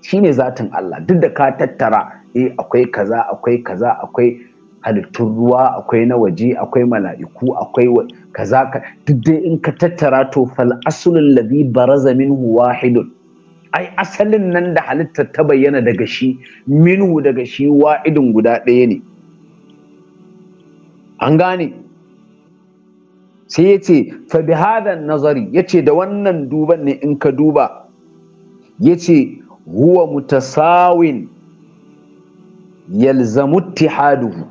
shine zatin Allah duk da ka tattara eh akwai kaza akwai kaza akwai halittun ruwa akwai na waje akwai mala'iku akwai kaza ka duk dai in ka tattara to fal aslul ladhi baraza minhu wahidun ai asalin nan da halittar ta bayyana daga shi minhu daga shi wa'idin guda ɗaya ne an gane sai ya ce fa bi nazari yace da wannan duban ne in ka duba yace. huwa mutasawin yalzamu ittihaduhu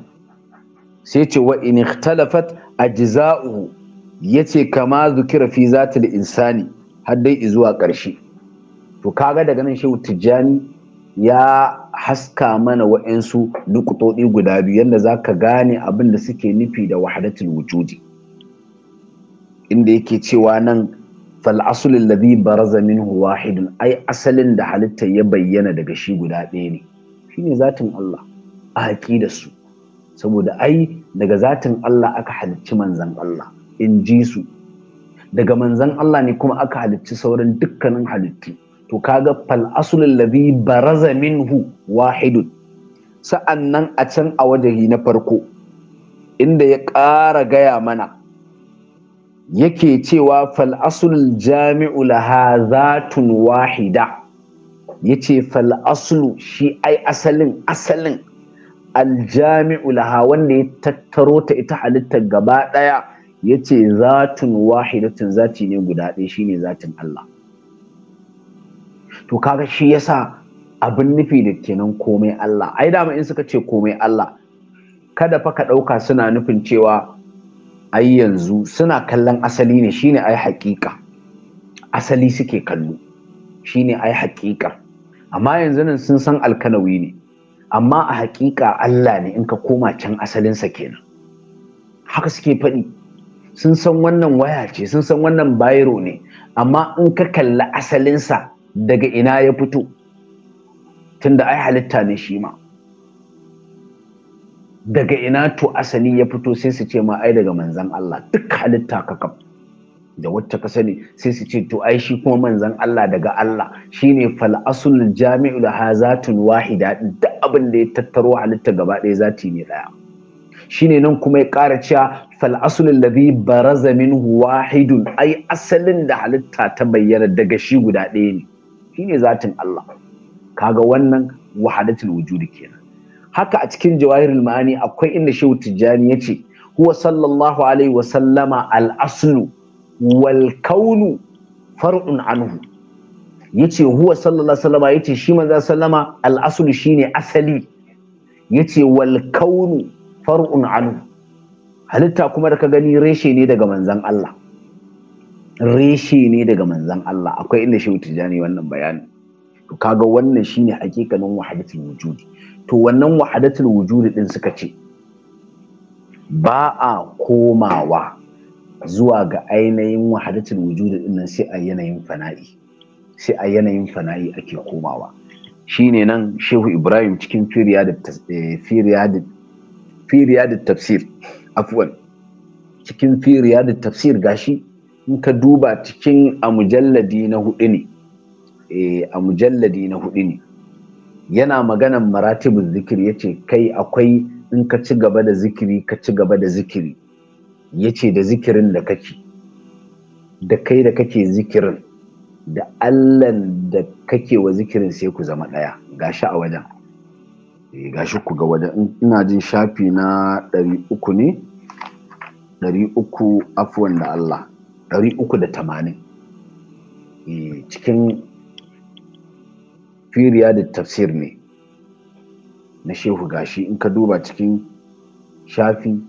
sai ce wa in ikhtalafat ajza'uhu yace kama zukira fi zatil insani har dai zuwa ƙarshe to kaga daga nan shehu tijjani ya haska mana wa'yansu nukutoɗi guda biyu yadda za ka gane abin da suke nufi da wahadatul wujudi inda yake cewa nan fal asul alladhi baraza minhu wahidun ai asalin da halitta ya bayyana daga shi guda ɗaya ne shine zatin Allah a da su saboda ai daga zatin Allah aka halicci manzan Allah in ji su daga manzan Allah ne kuma aka halicci sauran dukkanin halittu to kaga fal asul alladhi baraza minhu wahidun sa'annan a can a wajahi na farko inda ya ƙara gaya mana yake cewa fal asul jami'u laha zatun wahida yace fal aslu shi ai asalin asalin aljami'u laha wanda ya tattaro ta ita halittar gaba daya yace zatun wahidatun zati ne guda ɗaya shine zatin Allah to kaga shi yasa abin nufi da kenan komai Allah ai dama in suka ce komai Allah kada fa ka ɗauka suna nufin cewa ai yanzu suna kallon asali ne shine ai haƙiƙa asali suke kallo shine ai haƙiƙa amma yanzu nan sun san alkanawi ne amma a haƙiƙa Allah ne in ka koma can asalinsa kenan haka suke faɗi sun san wannan waya ce sun san wannan bayro ne amma in ka kalli asalinsa daga ina ya fito tunda ai halitta ne shi ma daga ina to asali ya fito sai su ce ma ai daga manzan Allah duk halitta ka kam? da wacce ka sani sai su ce to ai shi kuma manzan Allah daga Allah shine fal asul jami'u la hazatun wahida duk abin da ya tattaro halitta gaba ɗaya zati ne ɗaya shine nan kuma ya ƙara cewa fal asul ladhi baraza minhu wahidun ai asalin da halitta ta bayyana daga shi guda ɗaya ne shine zatin Allah kaga wannan wahadatul wujudi kenan haka a cikin jawahirul ma'ani akwai inda shehu tijjani ya ce huwa sallallahu alaihi wa sallama al-aslu wal kaunu far'un anhu yace huwa sallallahu alaihi wa sallama yace shi manzo sallama al-aslu shine asali yace wal kaunu far'un anhu halitta kuma da ka gani reshe ne daga manzon Allah reshe ne daga manzon Allah akwai inda shehu tijjani wannan bayanin to kaga wannan shine hakikanin wahadatul wujudi to wannan wahadatul wujudi din suka ce ba a komawa zuwa ga ainihin wahadatul wujudi din nan sai a yanayin fana'i sai a yanayin fana'i ake komawa shine nan shehu ibrahim cikin firiya eh, da tafsir afwan cikin firiya tafsir gashi in ka duba cikin a mujalladi na hudu ne Eh, a mujalladi na hudu ne yana maganan maratibin zikiri yace kai akwai in ka ci gaba da zikiri ka ci gaba da zikiri yace da zikirin da kake da kai da kake zikirin da allan da kake wa zikirin sai ku zama ɗaya gashi a wajen eh, gashi ku ga wajen ina jin shafi na ɗari uku ne ɗari uku afuwan da Allah ɗari uku da tamanin eh, cikin firiya da tafsir ne na shehu gashi in ka duba cikin shafi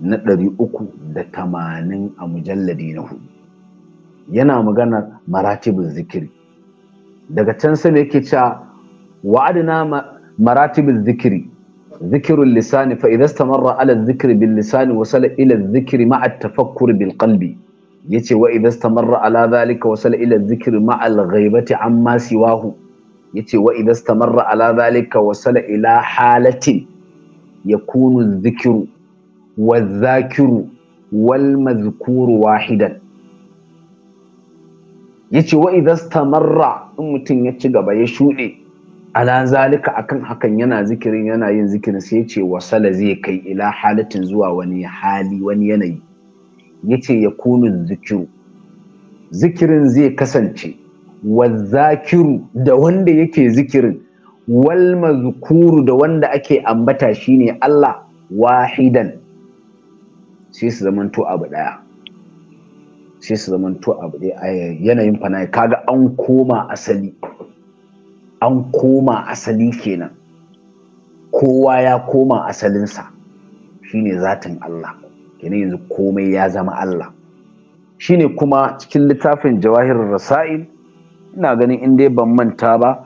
na ɗari uku da tamanin a mujalladi na hudu yana magana maratibin zikiri daga can sai yake cewa wa adana maratibin zikiri zikirin lisani fa idan stamarra ala zikiri bil lisani wasala ila zikiri ma'a tafakkur bil qalbi yace wa idza istamarra ala zalika wasala ila dhikri ma'a ghaibati amma siwahu ce wa idza istamarra ala zalika wasala ila halatin yakunu adh zikiru wa zakiru wal-madhkuru wahidan ce wa idza istamarra in ya ci gaba ya shuɗe. ala zalika akan hakan yana zikirin yana yin zikirin sai yace wasala zai kai ila halatin zuwa wani hali wani yanayi yace ya kunu zikiru zikirin zai kasance wa zakiru da wanda yake zikirin wal mazkuru da wanda ake ambata shine Allah wahidan sai su zamanto abu daya sai su zamanto abu daya yanayin fana kaga an koma asali an koma asali kenan kowa ya koma asalinsa shine zatin Allah kenan yanzu komai ya zama Allah shine kuma cikin littafin jawahirin rasa'il ina ganin in dai ban manta ba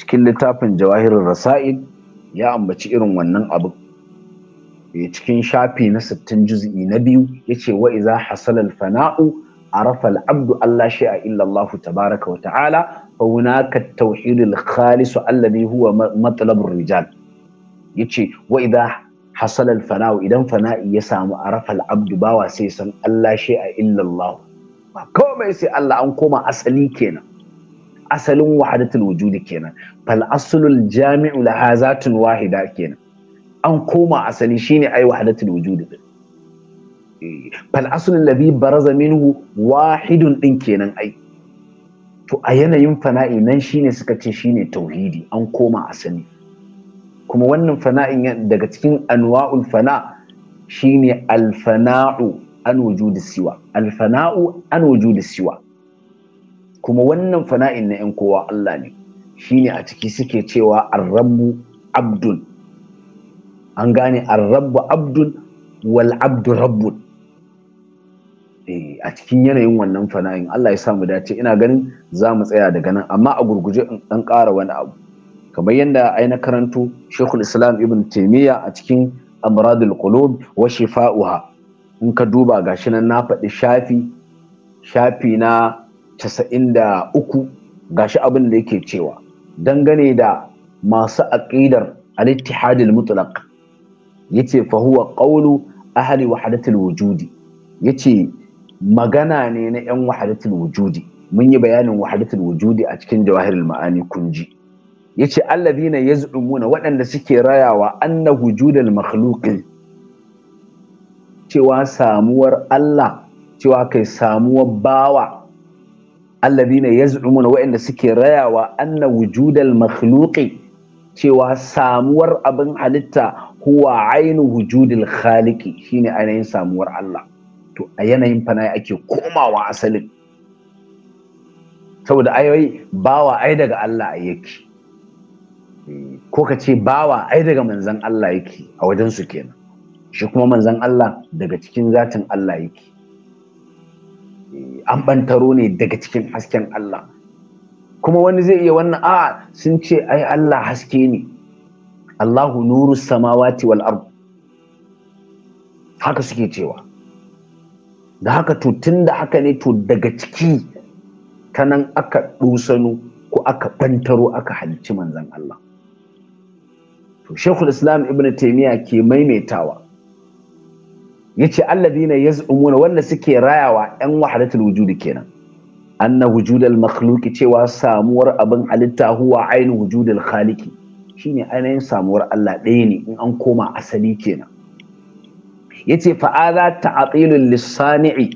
cikin littafin jawahirin rasa'il ya ambaci irin wannan abu e cikin shafi na 60 juz'i na biyu yace wa iza hasala al-fana'u arafa al-abdu Allah shay'a illa Allah tabaraka wa ta'ala fa hunaka at-tauhid al-khalis alladhi huwa matlab ar-rijal yace wa idha hasal al-fana'u idan fana'i ya samu arafa al-abdu bawa sai san Allah shi a illallah ba komai sai Allah an koma asali kenan asalin wahadatul wujudi kenan fal aslul jami'u laha zatun wahida kenan an koma asali shine ai wahadatul wujudi eh, fal aslul ladhi baraza wahidun din kenan ai to a yanayin fana'i nan shine suka ce shine tauhidi an koma asali kuma wannan fana'in daga cikin anwa'ul fana shine alfana'u an wujudi siwa alfana'u an wujudi siwa kuma wannan fana'in na 'yan kowa Allah ne shine a ciki suke cewa arrabu abdun an gane arrabu abdun wal abdu rabbun eh, a cikin yanayin wannan fana'in Allah ya samu dace ina ganin za mu tsaya daga nan amma a gurguje in ɗan ƙara wani abu kamar yadda ai na karantu shekul islam ibn taimiyya a cikin amradul qulub wa shifa'uha in ka duba gashi nan na faɗi shafi shafi na 93 gashi abin da yake cewa dangane da masu aqidar al-ittihadil mutlaq yace fa huwa qawlu ahli wahdatil wujudi yace magana ne na yan wahdatil wujudi mun yi bayanin wahdatul wujudi a cikin jawahirul ma'ani kunji yace allazina yaz'umuna waɗanda suke rayawa anna wujudal makhluqi cewa samuwar Allah cewa kai samuwar bawa allazina yaz'umuna waɗanda suke rayawa anna wujudal makhluqi cewa samuwar abin halitta huwa ainu wujudil khaliqi shine ainihin samuwar Allah to a yanayin fana ake komawa asalin saboda ayoyi bawa ai daga Allah yake ko ka ce bawa ai daga manzan Allah yake a wajen su kenan shi kuma manzan Allah daga cikin zatin Allah yake eh, an bantaro ne daga cikin hasken Allah kuma wani zai iya wannan a sun ce ai Allah haske ne Allahu nuru samawati wal ard haka suke cewa da haka to tun da haka ne to daga ciki ta nan aka ɗusanu ko aka bantaro aka halicci manzan Allah shekul islam ibn taimiyya ke maimaitawa ya ce alladina ya umuna wanda suke rayawa yan wahadatul wujudi kenan anna wujudal makhluki cewa samuwar abin halitta huwa ainihin wujudal khaliki shine ainihin samuwar Allah ɗaya ne in an koma asali kenan yace fa'aza ta'atilul lisani'i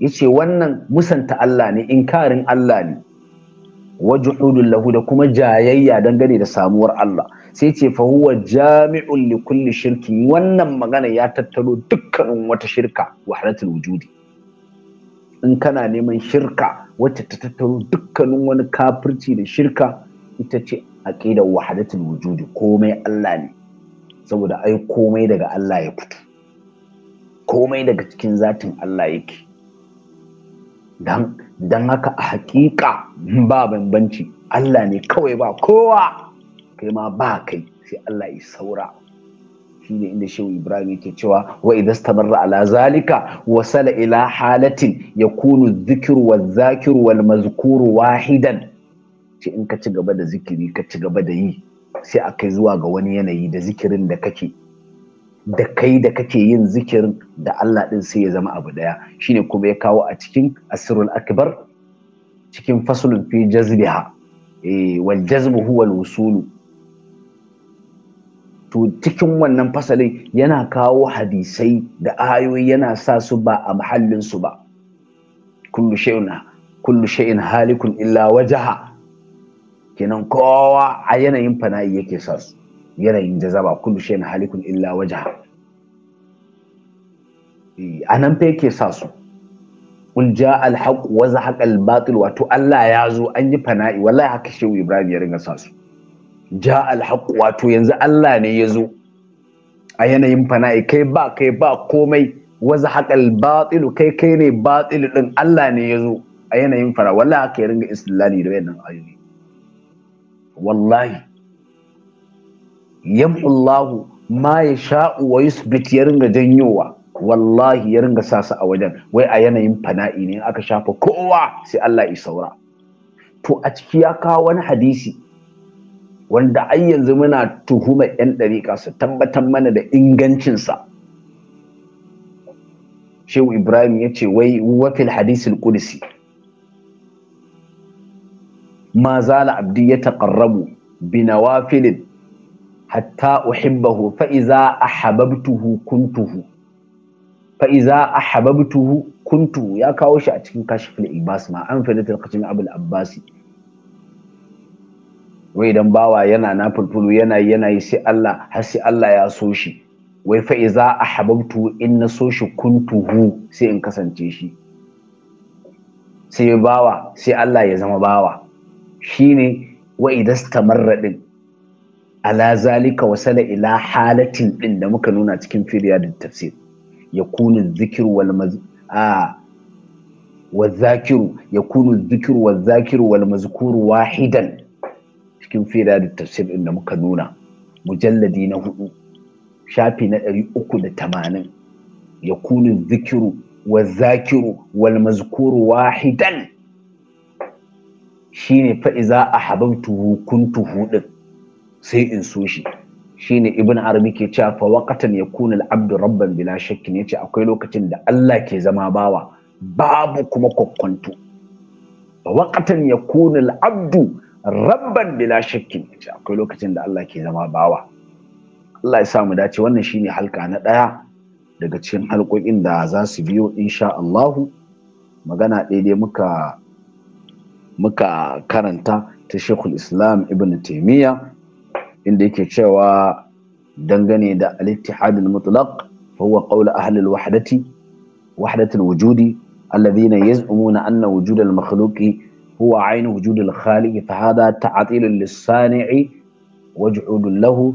yace wannan musanta Allah ne inkarin Allah ne wajuhudul lahu da kuma jayayya dangane da samuwar Allah sai ce fa huwa jami'un li kulli shirki wannan magana ya tattaro dukkanin wata shirka wahdatul wujudi in kana neman shirka wacce ta tattaro dukkanin wani kafirci da shirka ita ce aqidar wahdatul wujudi komai Allah ne saboda ai komai daga Allah ya fito komai daga cikin zatin Allah yake dan dan haka a haƙiƙa ba bambanci Allah ne kawai ba kowa kai ma ba kai sai Allah ya saura shine inda shehu ibrahim yake cewa wa idza ala zalika wasala ila halatin yakunu dhikru wa dhakiru wal mazkuru wahidan ce in ka ci gaba da zikiri ka ci gaba da yi sai a kai zuwa ga wani yanayi da zikirin da kake da kai da kake yin zikirin da Allah din sai ya zama abu daya shine kuma ya kawo a cikin asrul akbar cikin fasulun fi jazbiha eh wal jazbu huwa al wusulu to cikin wannan fasalin yana kawo hadisai da ayoyi yana sa su ba a mahallin su ba kullu shay'un kullu shay'in halikun illa wajaha kenan kowa a yanayin fana'i yake sa su yanayin jazaba kullu shay'in halikun illa wajaha eh, a nan fa yake sa su kun ja alhaq wa zahaq albatil wato Allah ya zo an yi fana'i wallahi haka shehu Ibrahim ya ringa sa su ja alhaq wato yanzu Allah ne ya zo a yanayin fana'i kai ba kai ba komai waza haƙal batilu kai kai ne batilu din Allah ne ya zo a yanayin fara wallahi haka ya ringa istilali da wayannan ayoyi wallahi yamullahu ma ya sha'u wa yusbit ya ringa janyowa wallahi ya ringa sasa a wajen wai a yanayin fana'i ne aka shafa kowa sai Allah ya saura to a ciki ya kawo wani hadisi wanda ai yanzu muna tuhumar 'yan ɗariƙa su tabbatar mana da ingancinsa shehu ibrahim ya ce wai wafil hadisul qudsi ma zala abdi ya taƙarrabu bi nawafilin hatta uhibbahu fa iza ahababtuhu kuntuhu fa iza kuntuhu ya kawo shi a cikin kashiful ibas ma an fi da abul abbasi wai idan bawa yana na fulfulu yana yi yana yi sai Allah har sai Allah ya so shi wai fa iza ahbabtu in na so shi kuntuhu sai in kasance shi sai bawa sai Allah ya zama bawa shine wa idastamarra din ala zalika wasala ila halatin din da muka nuna cikin firiya da tafsir ya kunu zikir wal a wa zakiru ya kunu zikir zakiru wal mazkuru wahidan cikin fira da tafsir ɗin da muka nuna mujalladi na hudu shafi na ɗari uku da tamanin ya zikiru wa zakiru wal mazkuru wahidan shine fa'iza a haban tuhukun ɗin sai in so shi shine ibn arabi ke cewa fa waqatan yakunu al-abdu rabban bila shakkin yace akwai lokacin da Allah ke zama bawa babu kuma kokkonto fa waqatan yakunu al-abdu rabban bila shakkin akwai lokacin da Allah ke zama bawa Allah ya sa mu dace wannan shine halka na ɗaya daga cikin halƙoƙin da za su biyo insha Allahu magana daidai muka muka karanta ta Sheikhul Islam Ibn Taymiyyah inda yake cewa dangane da al-ittihad al-mutlaq huwa qawl ahli al-wahdati wahdat al-wujudi alladhina yaz'umuna anna wujudal al-makhluqi هو عين وجود الخالق فهذا تعطيل للصانع وجعود له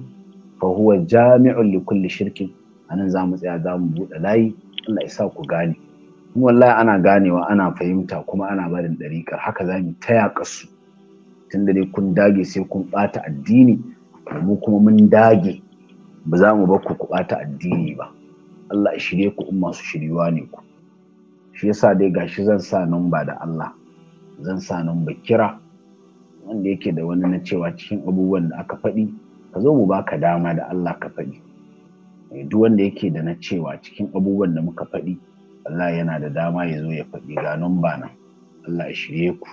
فهو جامع لكل شرك anan za mu tsaya za mu buɗe layi Allah ya sa ku gane kuma wallahi ana ganewa ana fahimta kuma ana barin ɗariƙar haka za mu ta yaƙa su tunda dai kun dage sai kun ɓata addini mu kuma mun dage ba za mu bar ku ku ɓata addini ba Allah ya shirye ku in masu shiryuwa ne ku shi yasa dai gashi zan sa nan ba da Allah zan sa nan kira wanda yake da wani na cewa cikin abubuwan da aka faɗi ka zo mu baka dama da Allah ka faɗi eh, duk wanda yake da na cewa cikin abubuwan da muka faɗi Allah yana da dama ya zo ya faɗi ga nan ba nan Allah ya shirye ku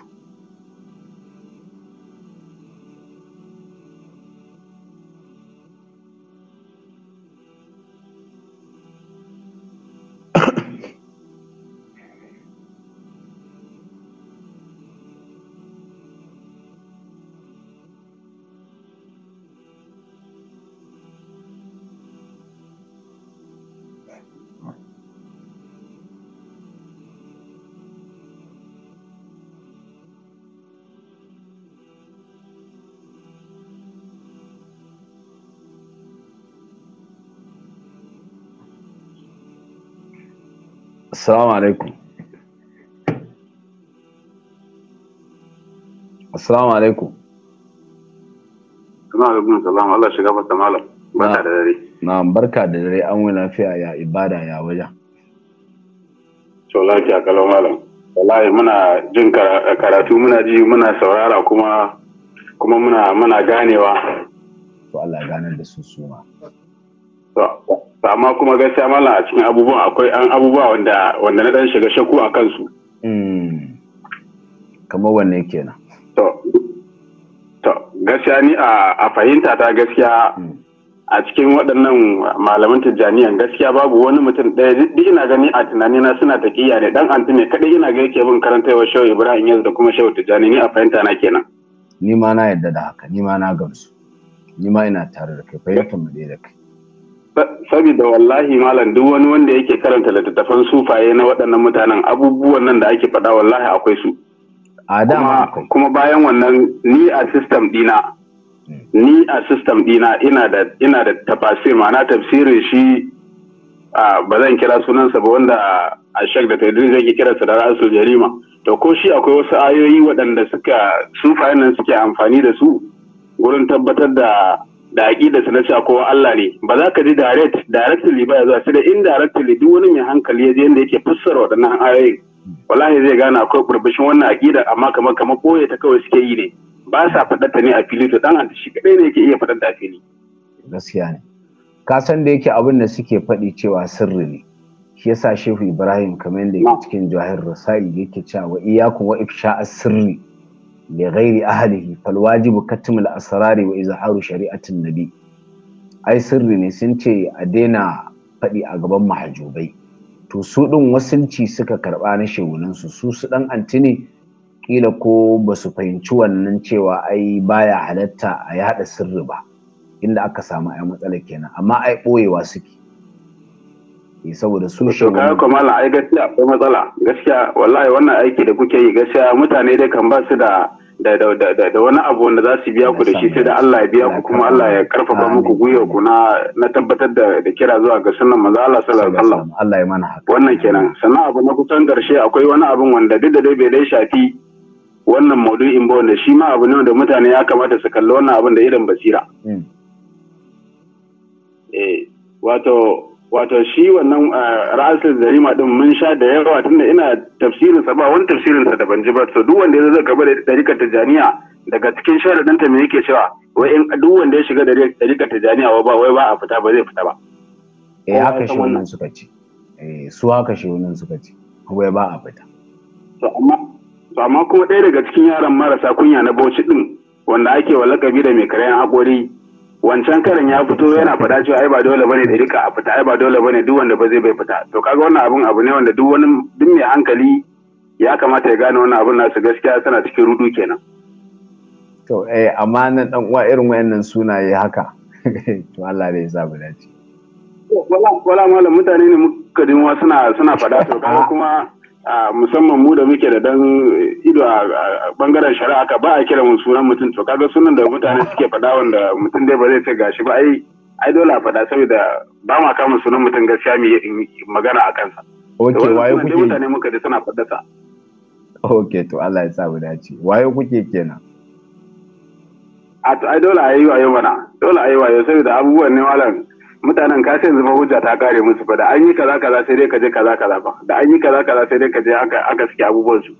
Assalamu alaikum. Assalamu alaikum. Assalamu alaikum salam Allah shiga fata malam. Barka da dare. Na barka da dare an wani lafiya ya ibada ya wajen. To lafiya kalau malam. Wallahi muna jin karatu muna ji muna saurara kuma kuma muna muna ganewa. To Allah ganar da su suma. ma kuma gaskiya mallam a cikin abubuwan akwai an abubuwa wanda wanda na dan shiga shakku a kansu hmm. kamar wanne kenan to to gaskiya ni a fahimta ta gaskiya hmm. a cikin waɗannan malaman tijjaniyan gaskiya babu wani mutum ɗaya duk ina gani a tunanina suna taƙiyya ne dan anti ne kaɗai ina ga yake bin karantarwar shehu ibrahim yanzu da kuma shehu tijjani ni a fahimta na kenan ni ma na yadda da haka ni ma na gamsu ni ma ina tare da kai fahimtar mu da kai saboda wallahi malam duk wani wanda yake karanta littattafan sufaye na waɗannan mutanen abubuwan nan da ake faɗa wallahi akwai su kuma bayan wannan ni a system dina hmm. ni a system dina ina da ina da tafasir ma'ana tafsirin shi ba zan kira sunansa ba wanda a shek da tadrin zai kiransa da rasul jarima to ko shi akwai wasu ayoyi waɗanda suka sufayen nan suke amfani da su wurin tabbatar da da aƙida na cewa kowa Allah ne ba za ka ji direct directly ba ya zuwa sai da indirectly duk wani mai hankali ya je yadda yake fassara waɗannan ayoyin wallahi zai gane akwai burbushin wannan aƙida amma kamar kamar koye ta kawai suke yi ne ba sa ta ne a fili to dan shi kadai ne yake iya faɗar da fili gaskiya ne ka san da yake abin da suke faɗi cewa sirri ne shi yasa shehu ibrahim kamar yadda yake cikin jahir rasali yake cewa iyakum wa ifsha'as sirri لغير أهله فالواجب كتم الأسرار katmul شريعة النبي izharu shari'atin nabi ai sirri ne sun ce a daina faɗi a gaban mahajubai to su ɗin wasunci suka karɓa na shegunansu su su ɗan ƙila ko ba su fahimci wannan cewa ai baya halatta a yaɗa sirri ba inda aka samu ai matsala kenan amma ai suke saboda su shi ai gaskiya akwai matsala gaskiya wallahi wannan aiki da kuke yi gaskiya mutane dai kan ba su da da wani abu wanda za su biya ku da shi sai da Allah ya biya ku kuma Allah ya karfafa muku gwiwa ku na tabbatar da kira zuwa ga sunan maza Allah sallallahu alaihi Allah ya mana haka wannan kenan sannan abu na kusan karshe akwai wani abun wanda duk da dai bai dai shafi wannan maudu'in ba wanda shi ma abu ne wanda mutane ya kamata su kalli wannan abun da irin basira hmm. eh wato wato shi wannan ah, ra'asar zarima din mun sha da yawa tunda ina tafsirin sa ba wani tafsirin sa da ban ji ba to duk wanda ya zo gaba da tarikar tijaniya daga cikin sharadin ta me yake cewa wai in duk wanda ya shiga da tarikar tijaniya wa ba wai ba a fita ba zai fita ba eh haka shi wannan suka ce eh su haka shi wannan suka ce wai ba a fita to amma to amma kuma ɗaya daga cikin yaran marasa kunya na Bauchi din wanda ake wa lakabi da mai karayan hakori wancan karin ya fito yana faɗa cewa ai ba dole bane da rika a fita ai ba dole bane duk wanda ba zai bai fita to kaga wannan abun abu ne wanda duk wani duk mai hankali ya kamata ya gane wannan abun nasu gaskiya tana cikin rudu kenan to eh amma nan dan uwa irin wayannan sunaye haka to Allah ne ya sa mu dace wala wala malam mutane ne muka dinwa suna suna faɗa to kuma musamman mu da muke da dan ido a bangaren shari'a ka ba a kira mun sunan mutum to kaga sunan da mutane suke faɗa wanda mutum dai ba zai ce gashi ba ai ai dole a faɗa saboda ba ma kama sunan mutum gaskiya mu magana a kansa okay waye kuke mutane muka da suna faɗa okay to Allah ya sa mu dace waye kuke kenan a to ai dole a yi wayo mana dole a yi wayo saboda abubuwan ne malam mutanen ka sai yanzu hujja ta kare musu fa da an yi kaza kaza sai dai ka je kaza kaza ba da an yi kaza kaza sai dai ka je aka aka suke abubuwan su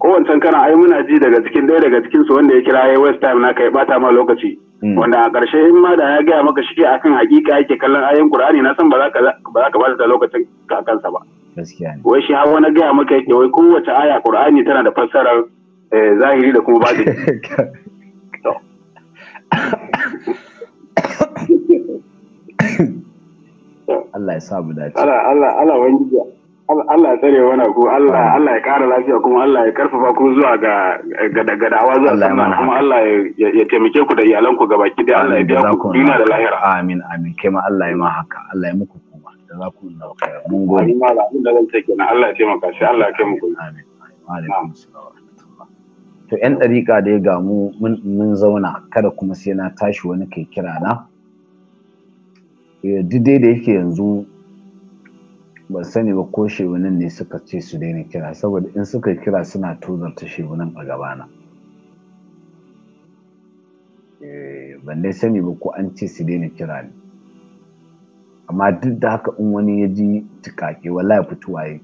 ko wancan kana ai muna ji daga cikin ɗaya daga cikin su wanda ya kira ya west time na kai bata ma lokaci hmm. wanda a ƙarshe in ma da ya gaya maka shi akan hakika yake kallon ayin Qur'ani na san ba za ka ba za ka ba da lokacin ka kansa ba gaskiya wai shi hawa na gaya maka yake wai kowace aya Qur'ani tana da fassarar eh, zahiri da kuma batini Allah ya sa mu dace Allah Allah Allah wani Allah ya tsare mana ku Allah Allah ya kara lafiya kuma Allah ya karfafa ku zuwa ga gadawa zuwa sannan kuma Allah ya taimake ku da iyalan ku gabaki dai Allah ya biya ku duniya da lahira amin amin kai ma Allah ya ma haka Allah ya muku kuma da za ku nuna kai mun gode amin malam da zan take na Allah ya taimaka shi Allah ya kai muku amin wa alaikum assalam to yan dariƙa dai ga mu mun zauna kada kuma sai na tashi wani kai kira na Eh, duk da yake yanzu ban sani ba ko shewunan ne suka ce su daina kira saboda in suka kira suna tozarta shewunan a gabana eh, ban dai sani ba ko an ce su daina kira ne amma duk da haka in wani ya ji tukake wallahi fituwa yi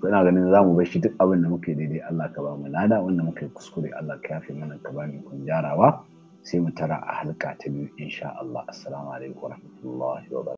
kuna ganin za mu bar shi duk abin da muke daidai Allah ka ba mu lada wanda muke kuskure Allah ka yafe mana ka ba mu kun jarawa sai mu tara a halka ta biyu insha Allah assalamu alaikum wa rahmatullahi wa